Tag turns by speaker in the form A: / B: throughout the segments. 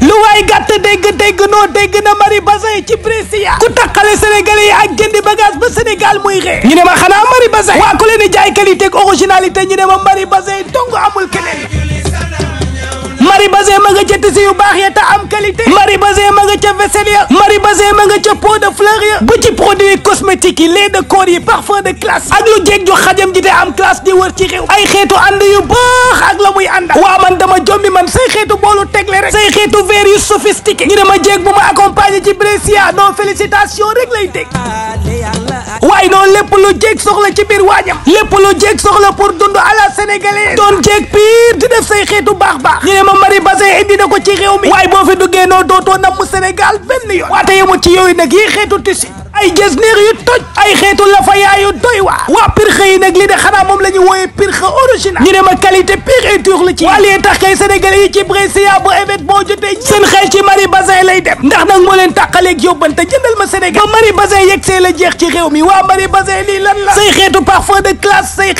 A: lu waay gàtt dégg dégg noo dégg na Marie Bazin ci Brescia ku takkale sénégalais yi ak jëndi bagage ba Sénégal muy xee ñu ne ma xanaa Marie Bazin waa ku leen jaay qualité ak originalité ñu ne ma Marie Bazin dong amul keneen mari bazin ma nga ca tissu yu baax ya te am qualité mari bazin ma nga ca vaisselle ya mari bazin ma nga ca pot de fleur ya ba ci produit cosmétique yi lait de corps yi parfum de classe ak lu ju xajam ji te am classe di wër ci xew ay xeetu ànd yu baax ak muy ànd waa man dama jommi man say xeetu boolu tegle rek say xeetu verre yu sophistiqué ñu dama jeeg bu ma accompagner ci Brescia non félicitation rek lay dégg waaye noonu lépp lu jéeg soxla ci biir waañam lépp lu jéeg soxla pour dund à la sénégalaise doon jéeg piir di def say xeetu baax baax ñu ne ma Marie ko ci réew mi waaye boo fi duggee noo dootoo namm Sénégal benn yoon waate yemu ci yooyu nag yi xeetu tissu ay gés neer yu toj ay xeetu waa waa pirxe li de xanaa moom la ñu wooyee pirxe original ñu ne ma qualité pure et dure la kay sénégalais yi ci Brescia bu évét boo jotee seen xel ci Marie Bazin lay dem ndax nag moo leen tàqaleeg yóbbante jëndal ma Sénégal ba Marie Bazin yegg see la jeex ci réew waa Marie Bazin lii lan la say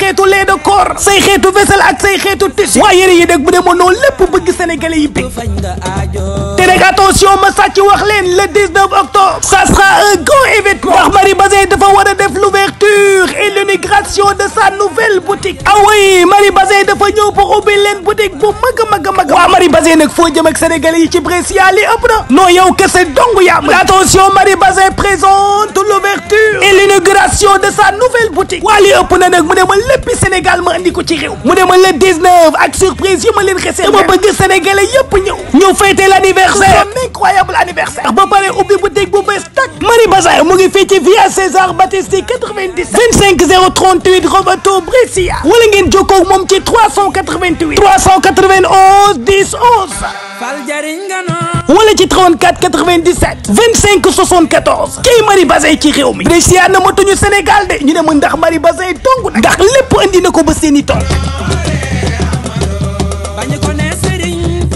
A: xeetu waa yëre yi nag bu demoon noonu lépp bëgg sénégalais yi bi te nag attention ma sàcc wax leen le 19 octobre ça sera un revêtement ndax Marie Bazin dafa war a def l'ouverture et l'inauguration de sa nouvelle boutique ah oui Marie Bazin dafa ñëw pour ubbi leen boutique bu mag a mag a mag waa Marie Bazin nag foo jëm ak sénégalais yi ci Brescia li ëpp na non yow kese dong yaa ma attention Marie Bazin présente l'ouverture et l'inauguration de sa nouvelle boutique waa li ëpp na nag mu ne ma léppi Sénégal ma andi ko le 19 ak surprise yu ma leen xesee dama bëgg sénégalais yëpp ñëw ñëw fêter l'anniversaire son incroyable anniversaire ba pare ngi fii ci via César Batisti 97 25 038 Robato Brescia wala ngeen jokkoo ak moom ci 388 391 10 11 fal jariñ nga noo ci 34 mi Brescia na matuñu Sénégal de ñu ne ma ndax Marie Bazin tongu na ndax lépp andi na ko ba seeni tool bañu ko ne sëriñ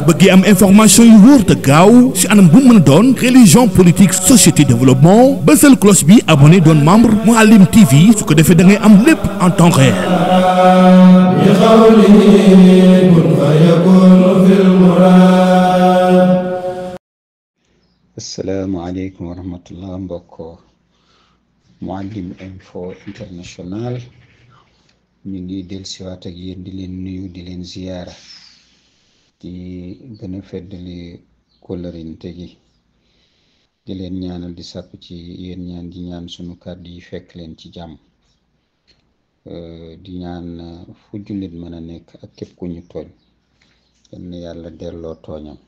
A: soo bëggee am information yu wóor te gaaw si anam bu mën a doon religion politique société développement bësal cloche bi abonné doon membre mu Mouhalim TV su ko defee dangay am lépp
B: en temps réel
C: asalaamaaleykum wa rahmatullah mbokk Mouhalim info international ñu ngi dellusiwaat ak yéen di leen nuyu di leen ziyaara di gën a feddali kóllërinte gi di leen ñaanal di sàpp ci yéen ñaan di ñaan suñu kàddu yi fekk leen ci jàmm di ñaan fu jullit mën a nekk ak képp ku ñu tooñ yal yàlla delloo tooñam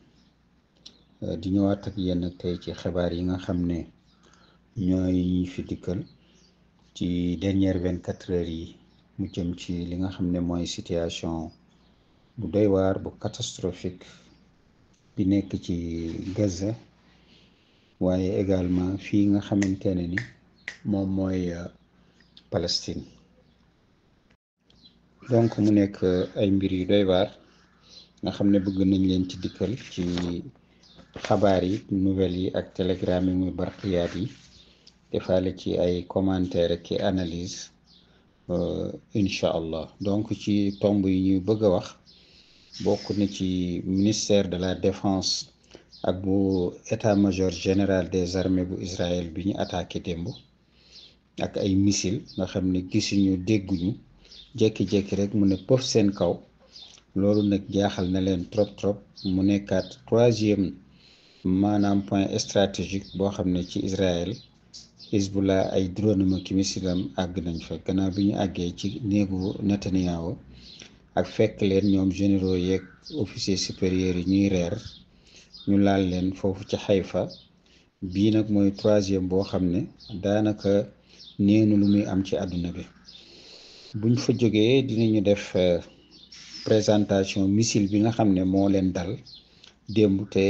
C: di ñëwaat ak yéen tey ci xibaar yi nga xam ne ñooy ñi fi dikkal ci dernière vingt quatre yi mu jëm ci li nga xam ne mooy situation bu doy waar bu catastrophique bi nekk ci Gaza waaye également fii nga xamante ne ni moom mooy euh, Palestine donc mu nekk euh, ay mbir yu doy waar nga xam ne bëgg nañ leen ci dikkal ci xabaar yi nouvelles yi ak télégramme yi muy barqiyaat yi defaale ci ay commentaire ak i analyse euh, incha allah donc ci tomb yi ñuy bëgg a wax bokk na ci ministère de la défence ak bu état-major général des armées bu Israël bi ñu attaqué démb ak ay missile nga xam ne gisuñu dégguñu jékki-jékki rek mu ne pof seen kaw loolu nag jaaxal na leen trop trop mu nekkaat troisième maanaam point stratégique boo xam ne ci Israël Hezbollah ay drone am ak missilam àgg nañ fa gannaaw bi ñu àggee ci néegu Netanyahu ak fekk leen ñoom généraux yeeg officier supérieur yi ñuy reer ñu laal leen foofu ci Haïfa bii nag mooy troisième boo xam ne daanaka neenu lu muy am ci àdduna bi buñ fa jógee dinañu def euh, présentation missile bi nga xam ne moo leen dal démb te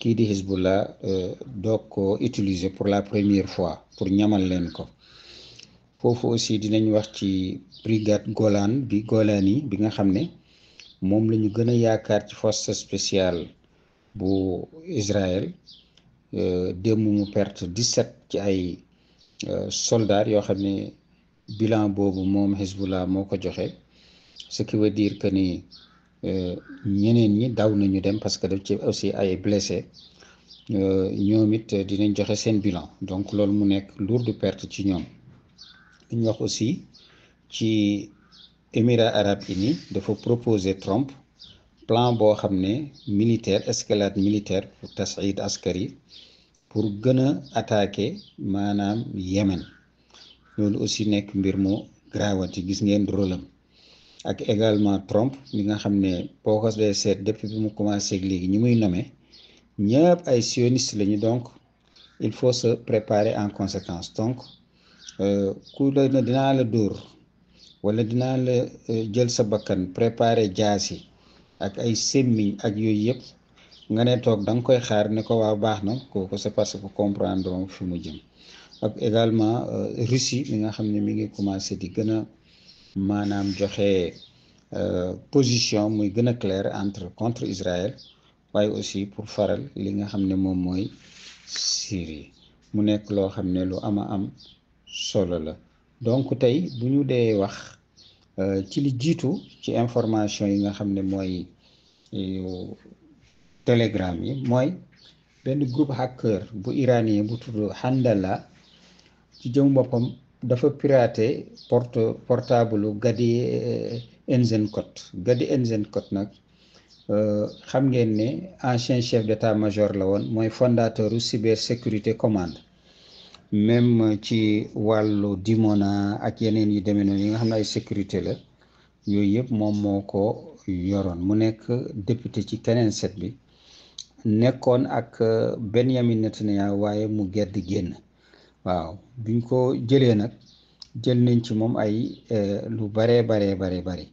C: kii di Hezbollah euh, doog ko utiliser pour la première fois pour ñamal leen ko foofu aussi dinañ wax ci brigade Golan bi Golani bi nga xam ne moom la ñu gën a yaakaar ci force spéciale bu Israël euh, démb mu perte di set ci ay euh, soldats yoo xam ne bilan boobu moom Hezbollah moo ko joxe ce qui veut dire que ni euh, ñeneen ñi daw nañu dem parce que daf ci aussi ay blessés ñoom it dinañ joxe seen bilan donc loolu mu nekk lourde perte ci ñoom. ñu wax aussi ci émirats arabes unis dafa proposer Trump plan boo xam ne militaire escalade militaire pour tas'id askari pour gën a attaquer maanaam Yémen loolu aussi nekk mbir mu grawati gis ngeen rôle ak également Trump mi nga xam ne boo ko dee seet depuis bi mu commencé léegi ñi muy nommé ñëpp ay sioniste lañu donc il faut se préparer en conséquence donc Euh, ku la na dinaa la dóor wala dinaa la euh, jël sa bakkan préparé jaasi ak ay semmiñ ak yooyu yëpp nga ne toog da nga koy xaar ne ko waa baax na kooku c'est parce que comprendre fi mu jëm ak également euh, Russie li nga xam ne mi ngi commencé di gën a maanaam joxe position muy gën a clair entre contre Israël waaye aussi pour faral li nga xam ne moom mooy Syrie mu nekk loo xam ne lu ama am solo la donc tey bu ñu dee wax euh, ci li jiitu ci information yi nga xam ne mooy euh, telegram yi mooy benn groupe hacker bu iranien bu tudd Handala ci jëm boppam dafa piraté porte portable Gadi Enzenkot euh, Gadi Enzenkot nag xam ngeen ne ancien chef d'état-major la woon mooy fondateur u cybersécurité commande même ci wàllu dimo na ak yeneen yu demee noonu yi nga xam ne ay sécurité la yooyu yëpp moom moo ko yoroon mu nekk député ci keneen set bi nekkoon ak euh, Benyamin Netanyahu waaye mu gedd génn waaw biñ ko jëlee nag jël nañ ci moom ay euh, lu baree baree baree bari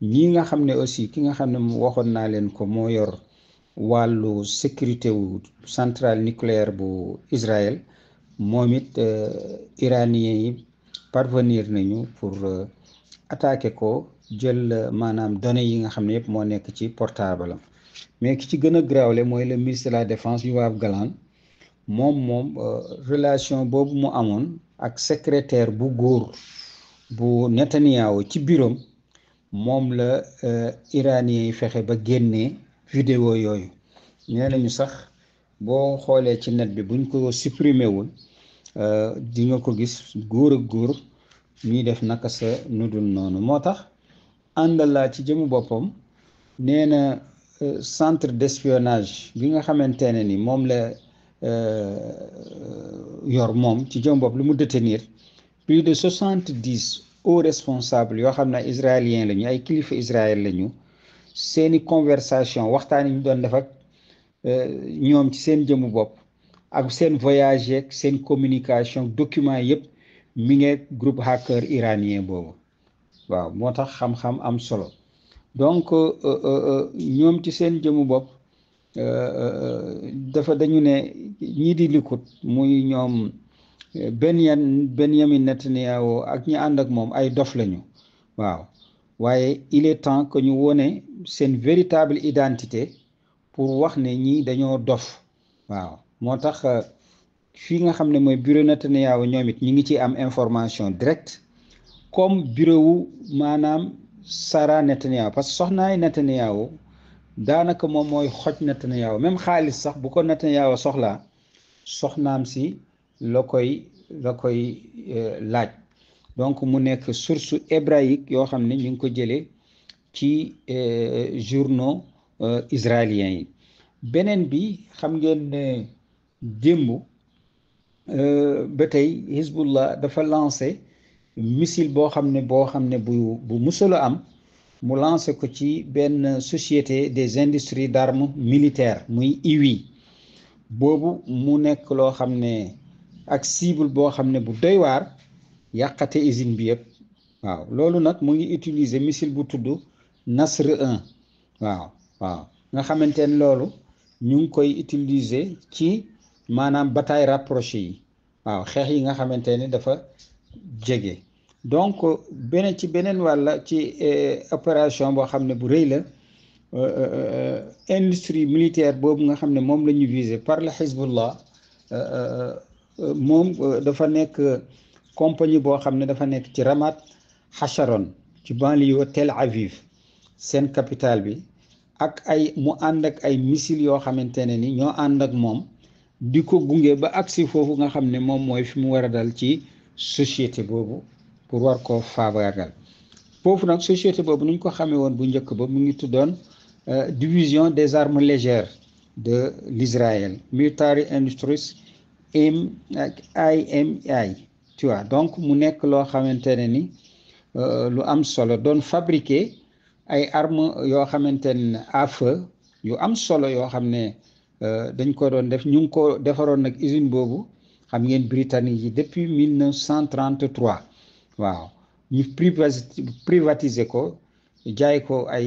C: ñi nga xam ne aussi ki nga xam ne waxoon naa leen ko moo yor wàllu sécurité wu central nucléaire bu Israël moom it euh, iranien yi parvenir nañu pour euh, attaquer ko jël euh, maanaam données yi nga xam ne yëpp moo nekk ci portable am mais ki ci gën a grawle mooy le ministre de la yu Yoav galan moom moom relation boobu mu amoon ak secretaire bu góor bu Netanyahu ci biiram moom la iranien yi fexe ba génnee vidéo yooyu nee nañu sax boo xoolee ci net bi buñ ko supprimer wul Euh, di nga ko gis góor ak góor ñuy def naka sa nudul noonu moo tax àndalaa ci jëmu boppam nee na euh, centre d'espionnage bi nga xamante ne ni moom la euh, yor moom ci jëmu bopp lu mu détenir plus de soixante dix hauts responsables yoo xam ne israélien lañu ay kilifa israël lañu seeni conversation waxtaan yi ñu doon def ak ñoom ci seen jëmu bopp. ak seen voyage yeeg seen communication document yëpp mi ngi groupe hacker iranien boobu waaw moo tax xam-xam am solo donc euh, euh, euh, ñoom ci seen jëmu bopp dafa dañu ne ñii di Likoud muy ñoom Benyan Benyamin Netanyahu ak ñi ànd ak moom ay dof lañu waaw waaye il est temps que ñu wone seen véritable identité pour wax ne ñii dañoo dof waaw moo tax euh, fii nga xam ne mooy bureau Netanyahou ñoom it ñu ngi ciy am information direct comme bureau maanaam Sara Netanyahou parce que soxnaay Netanyahou daanaka moom mooy xoj Netanyahou même xaalis sax bu ko Netanyahou soxlaa soxnaam si la koy la koy euh, laaj donc mu nekk source hébraïque yoo xam ne ñu ngi ko jëlee ci euh, journaux israéliens yi beneen bi xam ngeen démb euh, ba tey Hezbollah dafa lancé missile boo xam ne boo xam ne bu bu musula am mu lancé ko ci benn société des industries d'armes militaire muy IWI boobu mu nekk loo xam ne ak cible boo xam ne bu doy yàqate usine bi yëpp waaw loolu nag mu ngi utiliser missile bu tudd Nasr 1 waaw waaw nga xamante loolu ñu ngi koy utiliser ci maanaam bataille rapprochée yi waaw xeex yi nga xamante ne dafa jege donc beneen ci beneen wàlla ci eh, opération boo xam ne bu rëy la euh, euh, euh, industrie militaire boobu nga xam ne moom la ñu visé par la Hezbollah moom dafa nekk compagnie boo xam ne dafa nekk ci Ramat Hasharon ci banlieue Tel Aviv seen capital bi ak ay mu ànd ak ay missiles yoo xamante ne ni ñoo ànd ak moom di ko gunge ba agsi foofu nga xam ne moom mooy fi mu war a dal ci société boobu pour war koo faagaagal foofu nag société boobu nu ko xamee woon bu njëkk ba mu ngi tuddoon euh, division des armes légères de l'Israël military industries im ak IMI tu donc mu nekk loo xamante ne ni euh, lu am solo doon fabriquer ay arme yoo xamante ne yu am solo yoo xam ne Euh, dañ ko doon def ñu ngi ko defaroon nag usine boobu xam ngeen britannique yi depuis 1933 waaw ñu privatiser ko jaay ko ay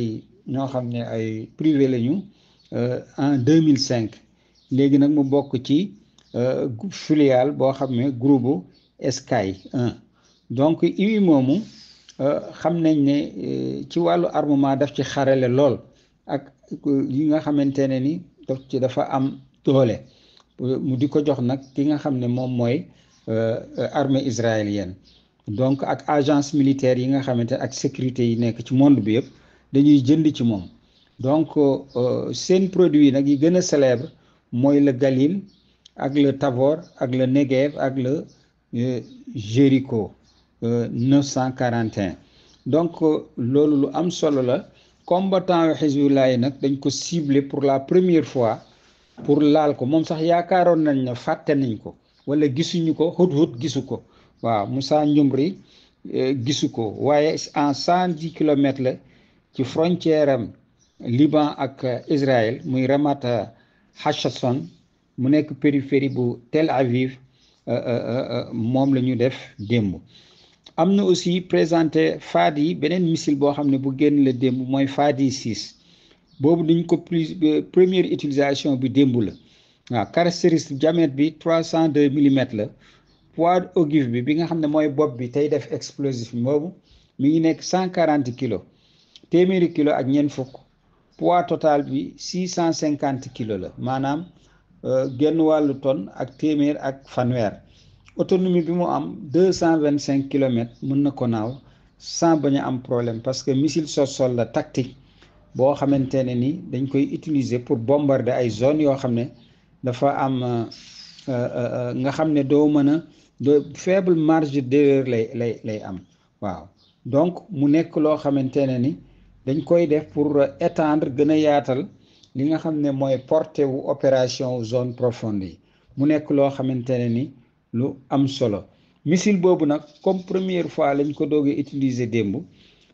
C: ñoo xam ne ay privé la ñu euh, en 2005 léegi nag mu bokk ci euh, filiale boo xam ne groupe Sky 1 donc iwi moomu xam nañ ne ci wàllu armement def ci xarale lool ak yi nga xamante ne ni daf ci dafa am doole mu di ko jox nag ki nga xam ne moom mooy euh, armée israélienne donc ak agence militaire yi nga xamante ak sécurité yi nekk ci monde bi yëpp dañuy jënd ci moom donc euh, seen produit yi nag yi gën a célèbre mooy le Galil ak le Tavor ak le Negev ak le euh, Jéricho 941 donc loolu lu am solo la combattant yu Hizbullah yi nag dañ ko ciblé pour la première fois pour laal ko moom sax yaakaaroon nañ ne fàtte nañ ko wala gisuñu ko hut-hut gisu ko waaw Moussa Njumri eh, gisu ko waaye en cent dix kilomètres la ci frontière am Liban ak Israël muy Ramat Hashason mu nekk périphérie bu Tel Aviv eh, eh, moom la ñu def démb am na aussi présenté faad yi beneen missile boo xam ne bu génn la démb mooy faad yi 6 boobu dañ ko plus euh, première utilisation bi démb la waaw caractéristique diamètre bi 302 millimètres la poids ogive bi bi nga xam ne mooy bopp bi tey def explosif boobu mi ngi nekk 140 kilos téeméeri kilo ak ñeent fukk poids total bi 650 kilos la maanaam euh, genn wàllu tonne ak téeméer ak fanweer autonomie bi mu am deux cent vingt cinq kilomètres mën na ko naaw sans bañ a am problème parce que missile sol-sol la tactique boo xamante ne ni dañ koy utiliser pour bombarder ay zones yoo xam ne dafa am euh, euh, euh, nga xam ne doo mën a faible marge d'erreur lay lay lay am waaw donc mu nekk loo xamante ne ni dañ koy def pour étendre gën a yaatal li nga xam ne mooy portée wu opération zone profonde yi mu nekk loo xamante ne ni. lu am solo missile boobu nag comme première fois lañ ko doogee utiliser démb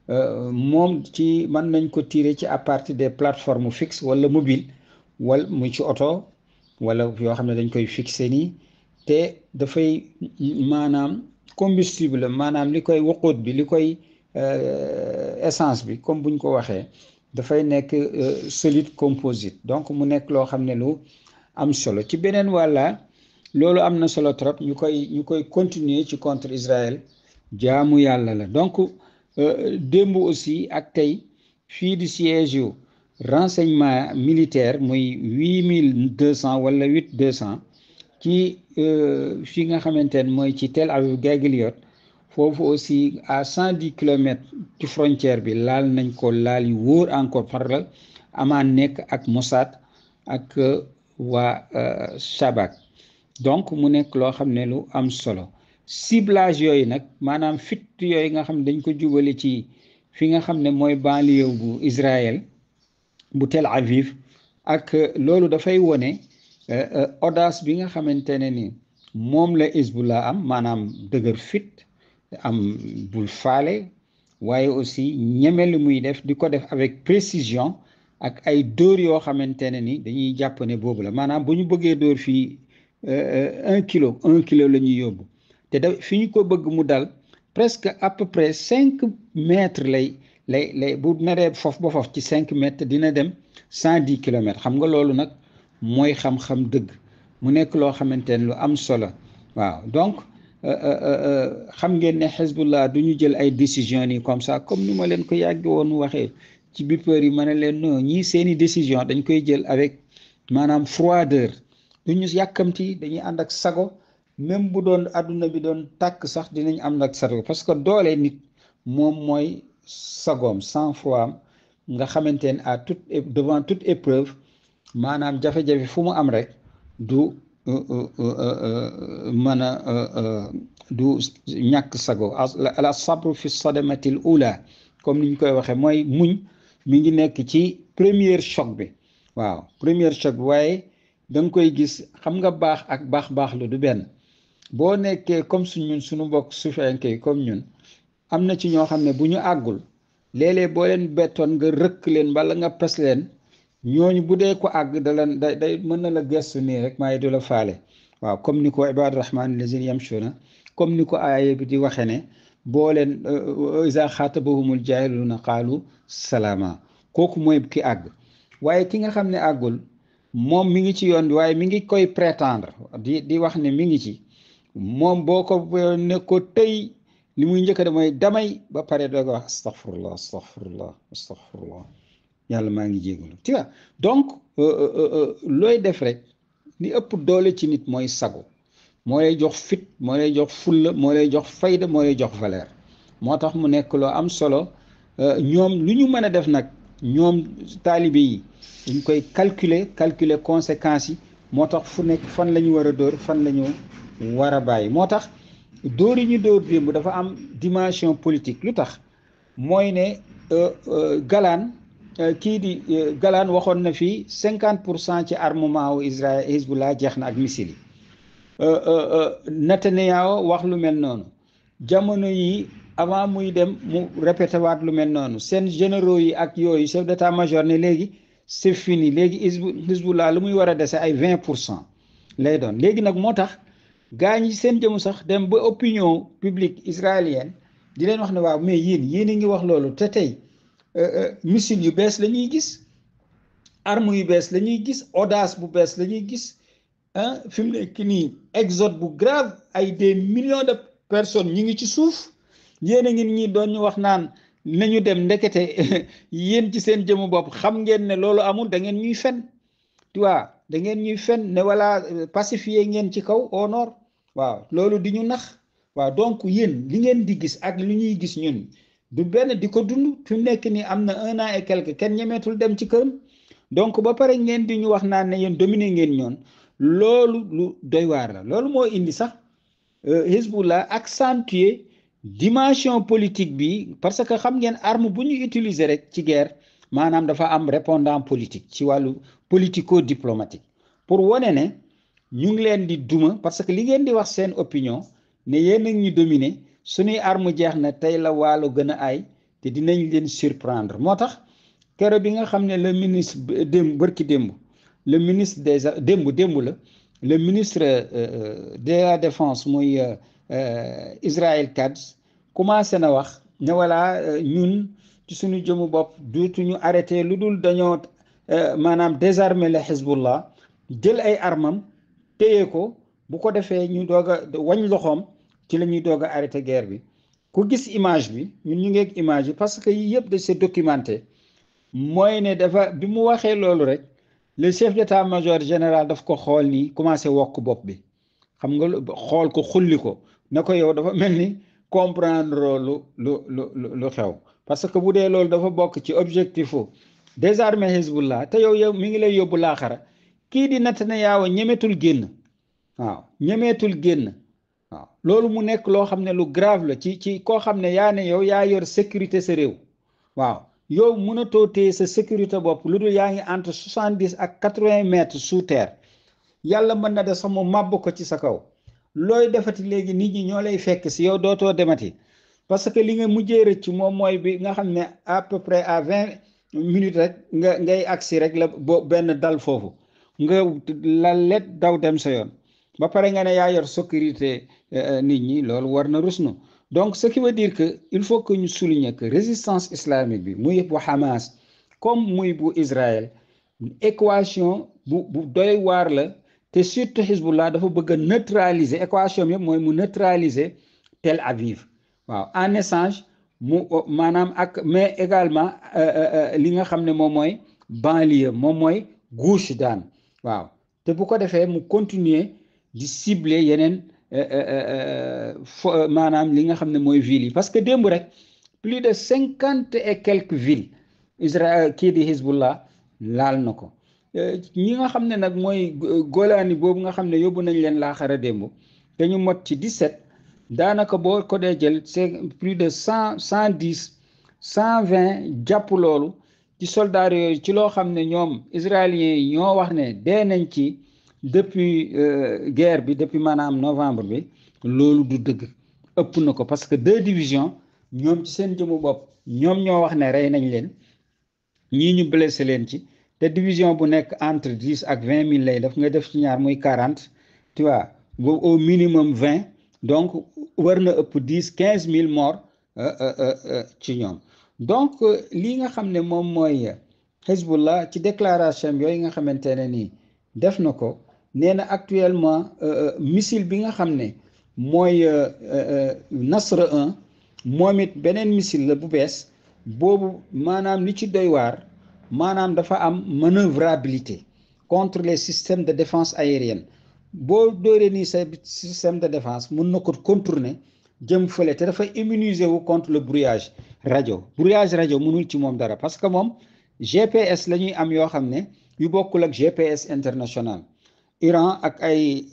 C: euh, moom ci mën nañ ko tiire ci à partir des plateformes fixes wala mobile wala mu ci oto wala yoo xam ne dañ koy fixer nii te dafay maanaam combustible maanaam li koy waqut bi li koy euh, essence bi comme bu buñ ko waxee dafay nekk euh, solide composite donc mu nekk loo xam ne lu am solo ci beneen wàlla loolu am na solo trop ñu koy ñu koy continuer ci contre Israël jaamu yàlla la donc euh, démb aussi ak tey fii di siège yu renseignement militaire muy huit mille deux cent wala huit deux cent ci euh, fi nga xamante ne mooy ci Tel Aviv Guegueliot foofu aussi à cent dix kilomètres ci frontière bi laal nañ ko laal yu wóor encore par la amaan nekk ak Mossad ak euh, waa Shabak donc mu nekk loo xam ne lu am solo ciblage yooyu nag maanaam fit yooyu nga xam ne dañ ko jubale ci fi nga xam ne mooy banlieue bu Israël bu Tel Aviv ak euh, loolu dafay wone euh, euh, audace bi nga xamante ne ni moom la Hezbollah am maanaam dëgër fit am bul faale waaye aussi ñeme li muy def di ko def avec précision ak ay dóor yoo xamante ne ni dañuy jàpp ne boobu la maanaam bu ñu bëggee dóor fii Euh, euh, un kilo un kilo la ñuy yóbbu te da fi ñu ko bëgg mu dal presque à peu près cinq mètres lay lay lay bu naree foofu ba foofu ci cinq mètres dina dem cent dix kilomètres xam nga loolu nag mooy xam-xam dëgg mu nekk loo xamante ne lu am solo waaw donc euh, xam ngeen ne Hezbollah du ñu jël ay décisions nii comme ça comme ni ma leen ko yàgg woon waxee ci bippeur yi ma ne leen non ñii seeni décision dañ koy jël avec maanaam froideur du ñu yàkkamti dañuy ànd ak sago même bu doon àdduna bi doon tàkk sax dinañ ànd ak sago parce que doole nit moom mooy sagoom cent fois nga xamante ne à toute devant toute épreuve maanaam jafe-jafe fu mu am rek du euh, euh, euh, mën a du ñàkk sago ala sabru fi sadamatil ula comme ni ñu koy waxee mooy muñ mi ngi nekk ci première choc bi waaw première choc waaye da nga koy gis xam nga baax ak baax baax lu du benn boo nekkee comme suñ ñun suñu mbokk sufenke yi comme ñun am na ci ñoo xam ne bu ñu àggul léeg-léeg boo leen bettoon nga rëkk leen bala nga pes leen ñooñu bu dee ko àgg dala day day mën na la gestu nii rek maay du la faale waaw comme ni ko ibadu rahman lazina na comme ni ko aaya bi di waxe ne boo leen euh, euh, isa xaatabahumul na qaalu salaama kooku mooy ki àgg waaye ki nga xam ne àggul moom mi ngi ci yoon waaye mi ngi koy prétendre di di wax ne mi ngi ci moom boo ko ne ko tey li muy njëkk mooy damay ba pare doo ko wax astaghfirullah astaghfirullah yàlla maa ngi jégalu tu vois donc euh, euh, euh, looy def rek li ëpp doole ci nit mooy sago moo lay jox fit moo lay jox fulla moo lay jox fayda moo lay jox valeur moo tax mu nekk loo am solo ñoom lu ñu mën a def nag ñoom taalibe yi dañ koy calculer calculer conséquences yi moo tax fu nekk fan la ñu war a dóor fan la ñu war a bàyyi moo tax dóor yi ñu dóor démb dafa am dimension politique lu tax mooy ne euh, euh, galaan euh, kii di galaan waxoon na fii cinquante pour cent ci armement wu Israël Hezbollah jeex na ak missile yi wax lu mel noonu jamono yi avant muy dem mu répété waat lu mel noonu seen généraux yi ak yooyu chef d'état major ne léegi c'est fini léegi Hizbullah lu muy war a dese ay vingt pour cent lay doon léegi nag moo tax gaa ñi seen jëmu sax dem ba opinion publique israélienne di leen wax ne waaw mais yéen yéen a ngi wax loolu te tey euh, euh, missile yu bees la gis arme yu bees la gis audace bu bees la gis fi mu ki nii exode bu grave ay des millions de personnes ñu ngi ci suuf yéen a ngi ñii doon ñu wax naan nañu dem ndekete yéen ci seen jëmu bopp xam ngeen ne loolu amul da ngeen ñuy fen tu vois da ngeen ñuy fen ne wala euh, pacifier ngeen ci kaw au waaw loolu di ñu nax waa donc yéen li ngeen di gis ak li ñuy gis ñun du benn di ko dund fi nekk nii am na un an quelque kenn ñemeetul dem ci këram donc ba pare ngeen di ñu wax naan ne yéen dominer ngeen ñoon loolu lu doy waar la loolu moo indi sax euh, ak accentuer dimension politique bi parce que xam ngeen arme bu ñu utiliser rek ci guerre maanaam dafa am répondant politique ci wàllu politico diplomatique pour wane ne ñu ngi leen di duma parce que li ngeen di wax seen opinion ne yéen a ñu dominer suñuy arme jeex na tey la waalo gën a aay te dinañ leen surprendre moo tax kero bi nga xam ne la ministre démb bërki démb le ministre des démb démb la le ministre euh, euh, de la défense muy euh, Euh, Israel Katz commencé na wax ne voilà euh, ñun ci suñu jëmu bopp dutuñu arrêté lu dul dañoo euh, maanaam désarmer le Hezbollah jël ay armam téye ko bu ko defee ñu doog a wañ loxoom ci la ñuy doog a arrêté guerre bi ku gis image bi ñun ñu ngeeg image bi parce que yii yëpp da c'est documenté mooy ne dafa bi mu waxee loolu rek le chef d'état-major général daf ko xool nii commencé wokk bopp bi xam nga xool ko xulli ko ne ko yow dafa mel ni comprendre lu lu lu lu xew parce que bu dee loolu dafa bokk ci objectif désarmer Hezbollah te yow yow mi ngi lay yóbbu laaxara kii di Netanyahu ñemeetul génn waaw ñemeetul génn waaw loolu mu nekk loo xam ne lu grave la ci ci koo xam ne yaa ne yow yaa yor sécurité sa réew waaw yow mënatoo téye sa sécurité bopp lu dul yaa ngi entre soixante dix ak quatre vingt mètres sous terre yàlla mën na de sax mu màbb ko ci sa kaw. looy defati léegi nit ñi ñoo lay fekk si yow dootoo demati parce que li nga mujjee rëcc moom mooy bi nga xam ne à peu près à vingt minutes rek nga ngay agsi rek la bo benn dal foofu nga la let daw dem sa yoon ba pare nga ne yaa yor sécurité euh, nit ñi loolu war na rus nu donc ce qui veut dire que il faut que ñu souligner que résistance islamique bi muy bu Hamas comme muy bu Israël équation bu bu doy waar la te surtout Hezbollah dafa bëgg a neutraliser équation yëpp mooy mu neutraliser Tel Aviv waaw en échange mu maanaam ak mais également euh, euh, euh, li nga xam ne moom mooy banlieue moom mooy Gush Daan waaw te bu ko defee mu continuer di cible yeneen maanaam li nga xam ne mooy villes yi parce que démb rek plus de cinquante et quelques villes Israël kii di Hezbollah laal na ko ñi nga xam ne nag mooy golaani boobu nga xam ne yóbbu nañ leen laa démb te ñu mot ci 17 daanaka boo ko dee jël c'est plus de cent cent dix cent vingt jàpp loolu ci soldats yooyu ci loo xam ne ñoom israéliens yi ñoo wax ne dee nañ ci depuis euh, guerre bi depuis maanaam novembre bi loolu du dëgg ëpp na ko parce que deux division ñoom ci seen jëmu bopp ñoom ñoo wax ne rey nañ leen ñii ñu blessé leen ci te division bu nekk entre dix ak vingt mille lay def nga def ci ñaar muy quarante tu vois au minimum vingt donc war na ëpp dix quinze mille euh, euh, euh, ci ñoom donc lii nga xam ne moom mooy Hezbollah ci déclaration yooyu nga xamante ne nii def na ko nee na actuellement missile bi nga xam ne mooy Nasra 1 moom it beneen missile la bu bees boobu maanaam li ci doy waar. maanaam dafa am manœuvrabilité contre les systèmes de défense aérienne boo dóoree nii sa système de défense mun na ko contourner jëm fële te dafa immuniser wu contre le brouillage rajo brouillage rajo mënul ci moom dara parce que moom GPS la ñuy am yoo xam ne yu bokkul ak GPS international Iran ak ay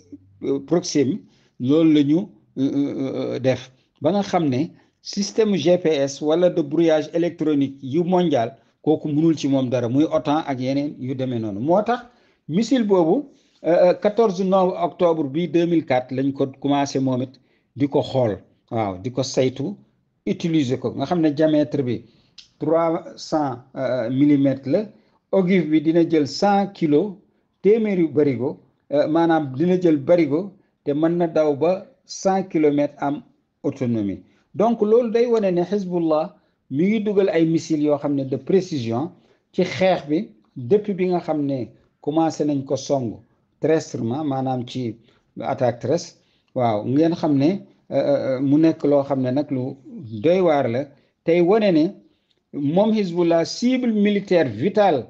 C: euh, Proxim loolu la ñu euh, euh, def ba nga xam ne système GPS wala de brouillage électronique yu mondial kooku munul ci moom dara muy OTAN ak yeneen yu demee noonu moo tax missile boobu 14 euh, 9 euh, octobre bi 2004 lañ ko commencé moom it di ko xool waaw di ko saytu utiliser ko nga xam ne diamètre bi 300 euh, millimètres la ogive bi dina jël 100 kilos téeméeri barigo maanaam dina jël barigo te mën na daw ba 100 kilomètres am autonomie donc loolu day wane ne Hezbollah mi ngi dugal ay missiles yoo xam ne de précision ci xeex bi depuis bi nga xam ne commencé nañ ko song terrestrement maanaam ci attaque terrestre waaw ngeen xam ne euh, euh, euh, mu nekk loo xam ne nag lu doy waar la tey wane ne moom Hezbollah cible militaire vitale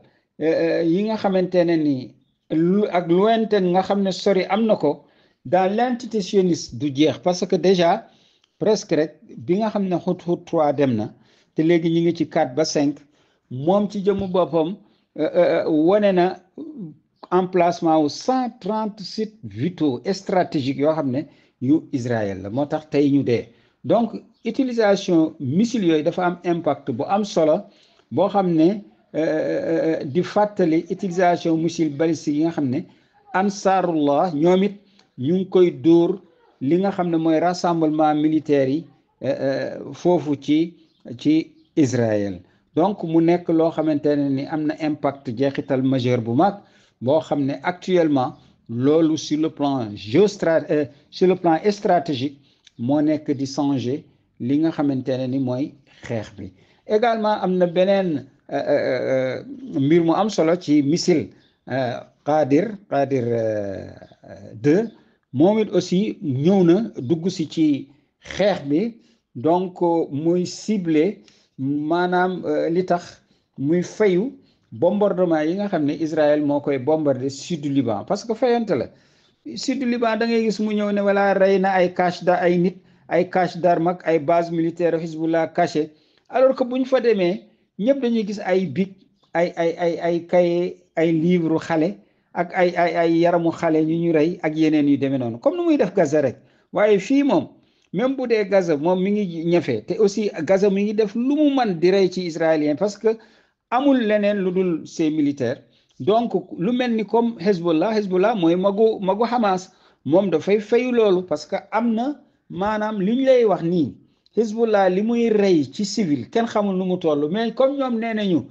C: yi nga xamante ne ni lu ak lointaine nga xam ne sori am na ko daal l'entité sioniste du jeex parce que déjà presque rek bi nga xam ne Houthi trois dem na te léegi ñu ngi ci 4 ba 5 moom ci jëmu boppam euh, euh, euh, wane na en emplacement wu 130 sites vitaux stratégiques yoo xam ne yu Israël la moo tax tey ñu dee donc utilisation missile yooyu dafa am impact bu am solo boo xam ne di fàttali utilisation missile balistique yi nga xam ne ansaarullah ñoom it ñu ngi koy dóor li nga xam ne mooy rassemblement militaire yi foofu ci ci Israël donc mu nekk loo xamante ne ni am na impact jeexital majeur bu mag boo xam ne actuellement loolu sur le plan géostra euh, sur plan stratégique moo nekk di changer li nga xamante ne ni mooy xeex bi également am na beneen euh, euh, mbir mu am solo ci missile Qadir Qadir 2 moom it aussi ñëw na dugg si ci xeex bi donc euh, muy cible maanaam euh, li tax muy fayu bombardement yi nga xam ne Israël moo koy bombardé sud Liban parce que fayante la sud du Liban da ngay gis mu ñëw ne wala rey na ay cache da ay nit ay cache d'armes mag ay base militaire Hezbollah caché alors que bu ñu fa demee ñëpp dañuy gis ay bic ay ay ay ay kaye ay livre xale ak ay ay ay yaramu xale ñu ñu rey ak yeneen yu demee noonu comme nu muy def Gaza rek waaye fii moom même bu dee Gaza moom mi ngi ñafee te aussi Gaza mi ngi def lu mu man di rey ci israélien parce que amul leneen lu dul ces militaire donc lu mel ni comme Hezbollah Hezbollah mooy magu magu Hamas moom dafay fayu loolu parce que am na maanaam li ñu lay wax nii Hezbollah li muy rey ci civil kenn xamul nu mu toll mais comme ñoom nee nañu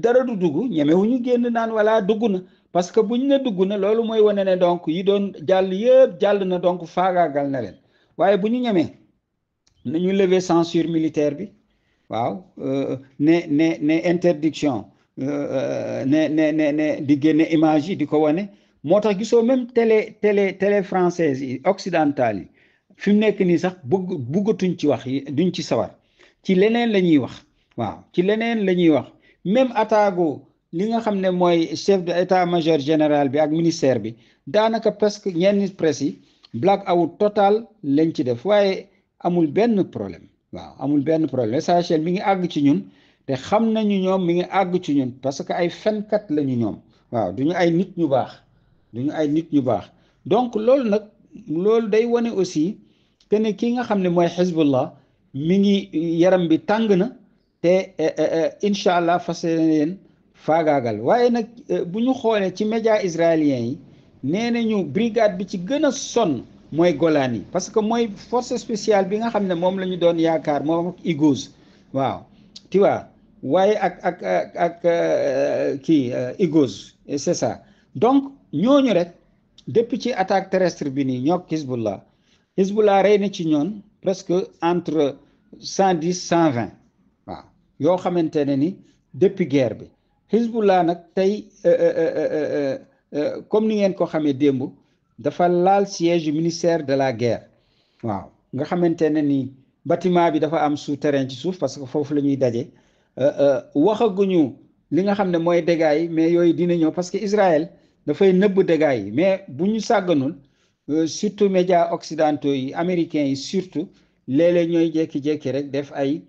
C: dara du dugg ñu génn naan wala dugg na parce que buñ ne dugg na loolu mooy wane ne donc yi doon jàll yëpp jàll na donc faagaagal na leen waaye bu ñu ñamee nañu lever censure militaire bi waaw euh, ne ne ne interdiction euh, euh, ne ne ne ne di génne image yi di ko wane moo tax gisoo même télé télé télé française yi occidentale yi fi mu nekk nii sax bëgg bëggatuñ ci wax duñ ci sawar ci leneen la ñuy wax waaw ci leneen la ñuy wax même Atago li nga xam ne mooy chef de état major général bi ak ministère bi daanaka presque ñenn presse yi black out total lañ ci def waaye amul benn problème waaw amul benn problème essentiel mi ngi àgg ci ñun te xam nañu ñoom mi ngi àgg ci ñun parce que ay fenkat lañu ñoom waaw du ñu ay nit ñu baax ñu ay nit ñu baax donc loolu nag loolu day wane aussi que ne kii nga xam ne mooy xizbullah mi ngi yaram bi tàng na te eh, eh, eh, incha allah fas yéene leen faagaagal waaye nag bu ñu xoolee ci média israélien yi nee nañu brigade bi ci gën a mooy golaan nii parce que mooy force spéciale bi nga xam ne moom la ñu doon yaakaar moom ak IGOS waaw tu waaye ak ak ak euh, kii euh, IGOS c'est ça donc ñooñu rek depuis ci attaque terrestre bi nii ñoo ñook Hezbollah Hezbollah rey na ci ñoon presque entre cent dix cent vingt waaw yoo xamante ne ni depuis guerre bi Hezbollah nag tey. Euh, Euh, comme ni ngeen ko xamee démb dafa laal siège ministère de la guerre waaw nga xamante ne ni bâtiment bi dafa am souterrain ci suuf parce que foofu la ñuy daje euh, euh, waxaguñu li nga xam ne mooy dégâts yi mais yooyu dina ñëw parce que Israël dafay nëbb dégâts yi mais bu ñu sàgganul surtout médias occidentaux yi américain yi surtout léeg-léeg ñooy jékki-jékki rek def ay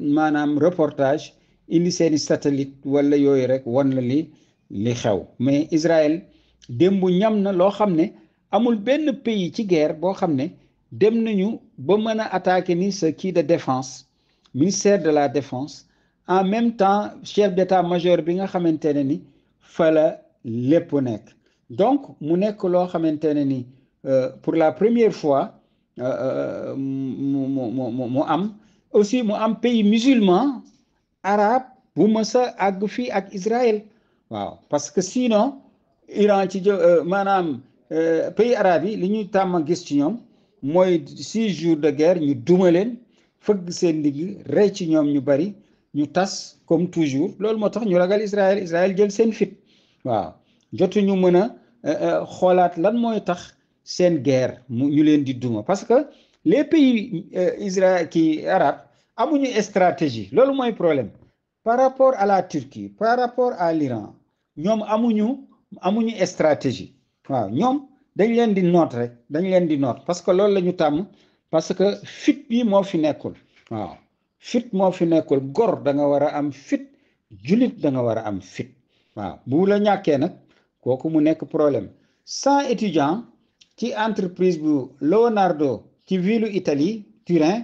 C: maanaam reportage indi seeni satellite wala yooyu rek wan la li li xew mais Israël démb ñam na loo xam ne amul benn pays ci guerre boo xam ne dem nañu ba mën a attaquer ni ce kii de défense ministère de la défense en même temps chef d'état-major bi nga xamante ne ni fala lépp nekk donc mu nekk loo xamante ne ni euh, pour la première fois euh, euh, mu mu mu am aussi mu am pays musulman arabe bu mës a àgg fii ak Israël waaw parce que sinon Iran ci jë euh, maanaam euh, pays arabe yi li ñuy tàmm gis ci ñoom mooy six jours de guerre ñu duma leen fëgg seen liggi rey ci ñoom ñu bari ñu tas comme toujours loolu moo tax ñu ragal Israël Israël jël seen fit waaw jotu ñu mën a euh, xoolaat lan mooy tax seen guerre mu ñu leen di duma parce que les pays Israël ki arabe amuñu stratégie loolu mooy problème par rapport à la Turquie par rapport à l'Iran ñoom amuñu amuñu stratégie waaw ñoom dañ leen di noot rek dañ leen di noot parce que loolu la ñu tàmm parce que fit bi moo fi nekkul waaw fit moo fi nekkul gor da nga war a am fit julit da nga war a am fit waaw bu la ñàkkee nag kooku mu nekk problème cent étudian ci entreprise bu Leonardo ci ville Italie Turin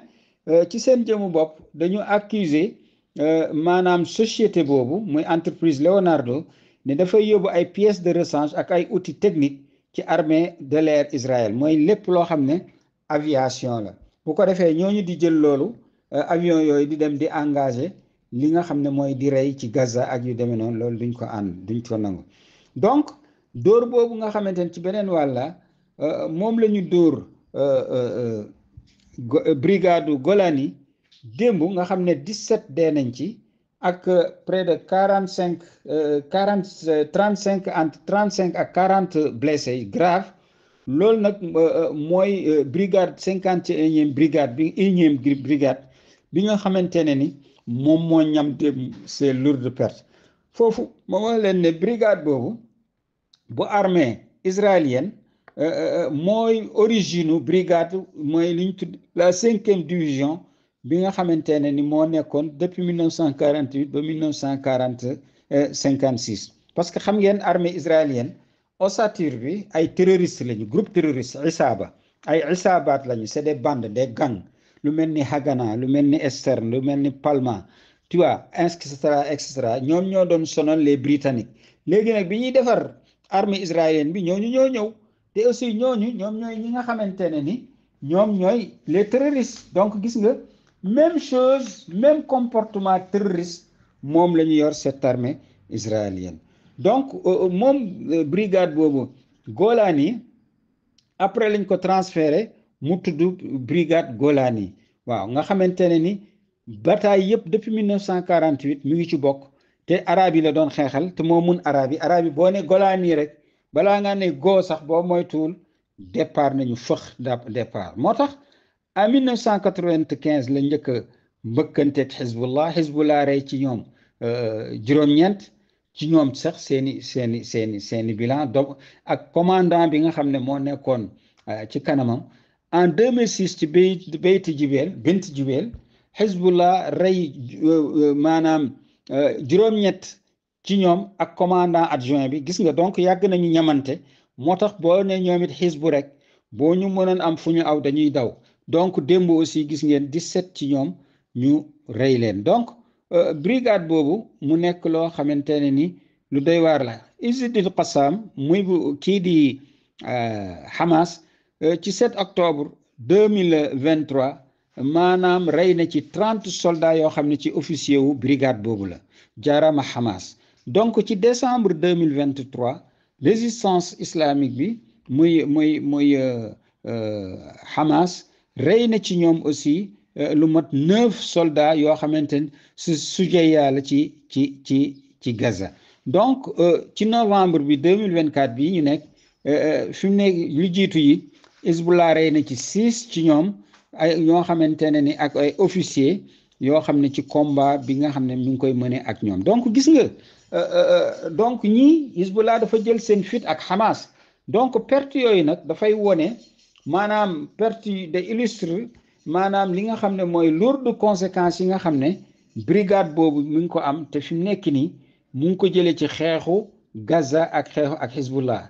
C: euh, ci seen jëmu bopp dañu accuser euh, maanaam société boobu muy entreprise Leonardo ne dafay yóbbu ay pièces de rechange ak ay outils techniques ci armée de l'air Israël mooy lépp loo xam ne aviation la bu ko defee ñooñu di jël loolu euh, avion yooyu di dem di engagé li nga xam ne mooy di rey ci Gaza ak yu demee noonu loolu duñ ko ànd duñ ko nangu donc dóor boobu nga xamante ne ci beneen wàlla euh, moom la ñu dóor euh, brigade Golani démb nga xam ne 17 dee nañ ci ak eh, près de quarante cinq eh, quarante trente cinq entre trente cinq ak quarante blessés graves loolu nag eh, mooy brigade cinquante et brigade bi unième brigade bi nga xamante ne ni moom moo ñam dem c'est lourde perte foofu ma wax leen ne brigade boobu bu armée israélienne mooy origine brigade mooy li tudd la cinquième division. bi nga xamante ne ni moo nekkoon depuis 1948 ba 1940 56 parce que xam ngeen armée israélienne sature bi ay terroriste lañu groupe terroriste isaaba ay isaabaat lañu c'est des bandes des gangs lu mel ni Haganah lu mel ni Stern lu mel ni Palma tu vois et cetera ñoom ñoo doon sonal les britanniques léegi nag bi ñuy defar armée israélienne bi ñu ñoo ñëw te aussi ñooñu ñoom ñooy ñi nga xamante ne ni ñoom ñooy les terroristes donc gis nga. même chose même comportement terroriste moom la ñu yor cette armée israélienne donc euh, euh, moom euh, brigade boobu Golani après lañ ko transféré mu tudd brigade Golani waaw nga xamante ne ni bataille yëpp depuis 1948 mi ngi ci bokk te arab yi la doon xeexal te moo mun arab yi arab yi boo ne Golani rek balaa nga ne goo sax boo moytuwul départ nañu fëx départ moo tax en 1995 la njëkk a mbëkkanteeg xizbullah xizbullah rey ci ñoom euh, juróom-ñeent ci ñoom sax seeni seeni seeni seeni bilan donc ak commandant bi nga xam ne moo nekkoon euh, ci kanamam en 2006 ci bay bayti jibeel bint jibeel xizbullah rey euh, maanaam juróom-ñett ci ñoom ak commandant adjoint bi gis nga donc yàgg nañu ñamante moo tax boo ne ñoom it xisbu rek boo ñu mënoon am fu ñu aw dañuy daw donc démb aussi gis ngeen di 17 ci ñoom ñu rey leen donc euh, brigade boobu mu nekk loo xamante ne ni lu doy waar la Izzudil Qassam muy bu kii di euh, Hamas euh, ci 7 octobre 2023 maanaam rey na ci 30 soldats yoo xam ne ci officier wu brigade boobu la jaarama Hamas donc ci décembre 2023 résistance islamique bi muy muy muy Hamas rey na ci ñoom aussi euh, lu mat neuf soldats yoo xamante ne su sujeya ci ci ci ci Gaza donc euh, ci novembre bi 2024 bi ñu nekk euh, fi mu nekk lu jiitu yi Hezbollah rey na ci six ci ñoom ñoo xamante ne ni ak ay officiers yoo xam ne ci combat bi nga xam ne mi ngi koy mëne ak ñoom donc gis nga donc ñi Hezbollah dafa jël seen fit ak xamaas donc perte yooyu nag dafay wone maanaam perte yi de illustre maanaam li nga xam ne mooy lourde conséquence yi nga xam ne brigade boobu mi ngi ko am te fi mu nekk nii mu ngi ko jëlee ci xeexu Gaza ak xeexu ak Hezbollah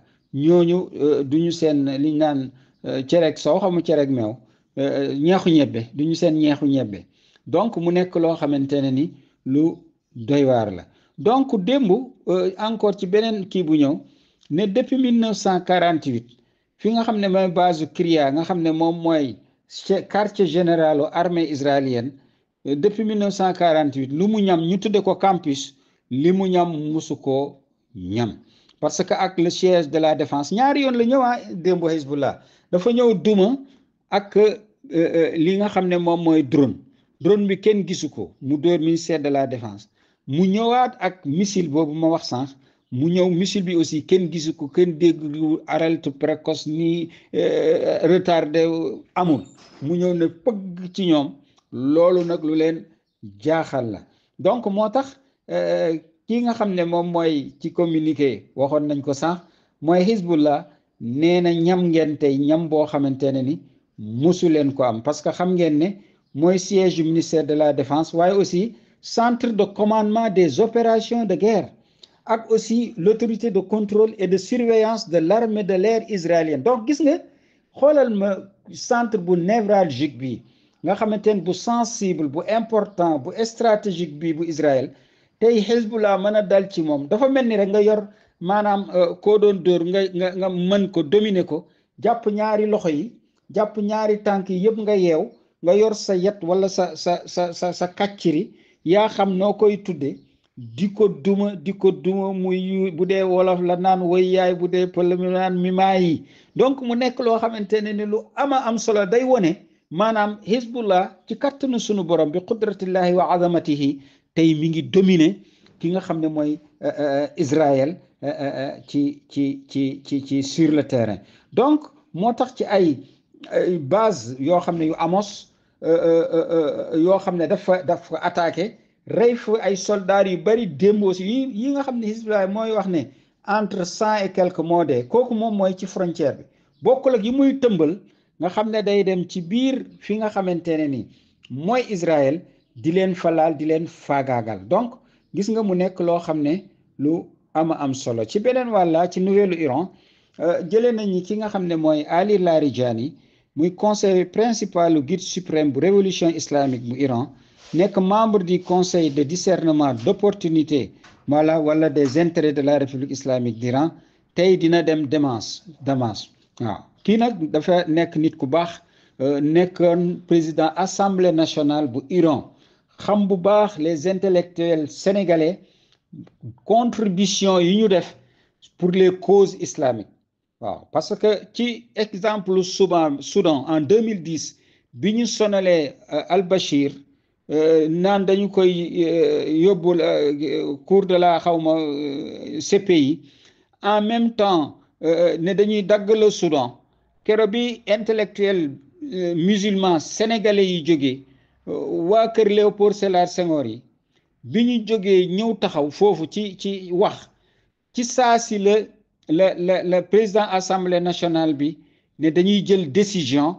C: ñooñu euh, du ñu seen liñ naan euh, cereeg soo xamu cereeg meew euh, ñeexu ñebbe du ñu seen ñeexu ñebbe donc mu nekk loo xamante ne ni lu doy waar la donc démb encore ci beneen kii bu ñëw ne depuis 1948 fi nga xam ne mooy base Kiryat nga xam ne moom mooy quartier général armée israélienne depuis 1948 lu mu ñam ñu tuddee ko campus li mu ñam mosu ko ñam parce que ak le chaise de la défense ñaari yoon la ñëwaa ah, démbo Hezbollah dafa ñëw duma ak euh, euh, li nga xam ne moom mooy drone drone bi kenn gisu ko mu dóor ministère de la défense mu ñëwaat ak missile boobu ma wax sànq mu ñëw missile bi aussi kenn gisu ko kenn déggu alerte précoce ni euh, euh, retardé amul mu ñëw ne pëgg ci ñoom loolu nag lu leen jaaxal la donc moo tax euh, kii nga xam ne moom mooy ci communiqué waxoon nañ ko sànq mooy Hezbollah nee na ñam ngeen tey ñam boo xamante ne ni musu leen ko am parce que xam ngeen ne mooy siège ministère de la défense waaye aussi centre de commandement des opérations de guerre ak aussi l'autorité de contrôle et de surveillance de l'armée de l'air israélienne donc gis nga xoolal ma centre bu névralgique bi nga xamante ne bu sensible bu important bu stratégique bi bu Israël tey Hezbollah mën a dal ci moom dafa mel ni rek nga yor maanaam ko euh, doon dóor nga nga nga mën ko dominer ko jàpp ñaari loxo yi jàpp ñaari tànk yi yëpp nga yeew nga yor sa yet wala sa sa sa sa sa kàcciri yaa xam noo koy tuddee di duma di duma muy bu dee wolof la naan way yaay bu dee pël mi naan mi yi donc mu nekk loo xamante ne ni lu ama am solo day wone maanaam hizbullah ci kattanu sunu borom bi qudratillahi wa azamatihi tey mi ngi dominer ki nga xam ne mooy euh, euh, Israël euh, ci ci ci ci ci sur le terrain donc moo tax ci ay base yoo xam ne yu amos yoo xam ne dafa dafa attaqué rey fu ay soldats yu bari démb aussi yi nga xam ne Hizbullah mooy wax ne entre cent et quelque moo kooku moom mooy ci frontière bi bokkul ak yi muy tëmbal nga xam ne day dem ci biir fi nga xamante ne ni mooy Israël di leen falaal di leen faagaagal donc gis nga mu nekk loo xam ne lu ama am solo ci beneen wàlla ci nouvelle Iran euh, jëlee nañu ki nga xam ne mooy Ali Larijani muy conseiller principal guide suprême bu révolution islamique bu Iran nekk membre du conseil de discernement d'opportunité wala wala des intérêts de la république islamique d'Iran tey dina dem Damas Damas waaw kii nag dafa nekk nit ku baax euh, nekk président assemblée nationale bu Iran xam bu baax les intellectuels sénégalais contribution yi ñu def pour les causes islamiques waaw parce que ci exemple Soudan Soudan en 2010 bi ñu sonalee euh, Al Bachir Euh, naan dañu koy euh, yóbbul cour de la xawma euh, CPI en même temps ne dañuy dagg le Soudan kero bi intellectuel musulman sénégalais yi jógee waa kër Léopold Sédar Senghor yi bi ñu jógee ñëw taxaw foofu ci ci wax ci saa si la la la la président assemblée nationale bi ne dañuy jël décision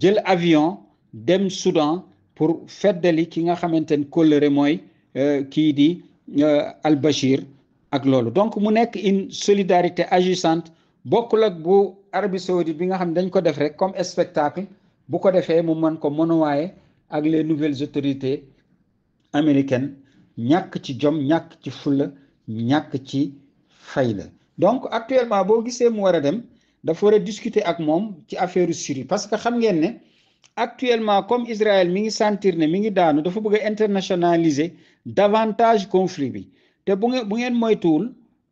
C: jël avion dem Soudan pour feddali ki nga xamante ni kóllëre mooy euh, kii di euh, al ak loolu donc mu nekk une solidarité agissante bokkul ak bu Arabie Saoudite bi nga xam dañ ko def rek comme spectacle bu ko defee mu mën ko mënuwaaye ak les nouvelles autorités américaines ñàkk ci jom ñàkk ci fulla ñàkk ci fayda donc actuellement boo gisee mu war a dem dafa war a discuter ak moom ci affaire Syrie parce que xam ngeen ne actuellement comme Israël mi ngi sentir ne mi ngi daanu dafa bëgg a internationaliser davantage conflit bi te bu ngeen bu ngeen moytuwul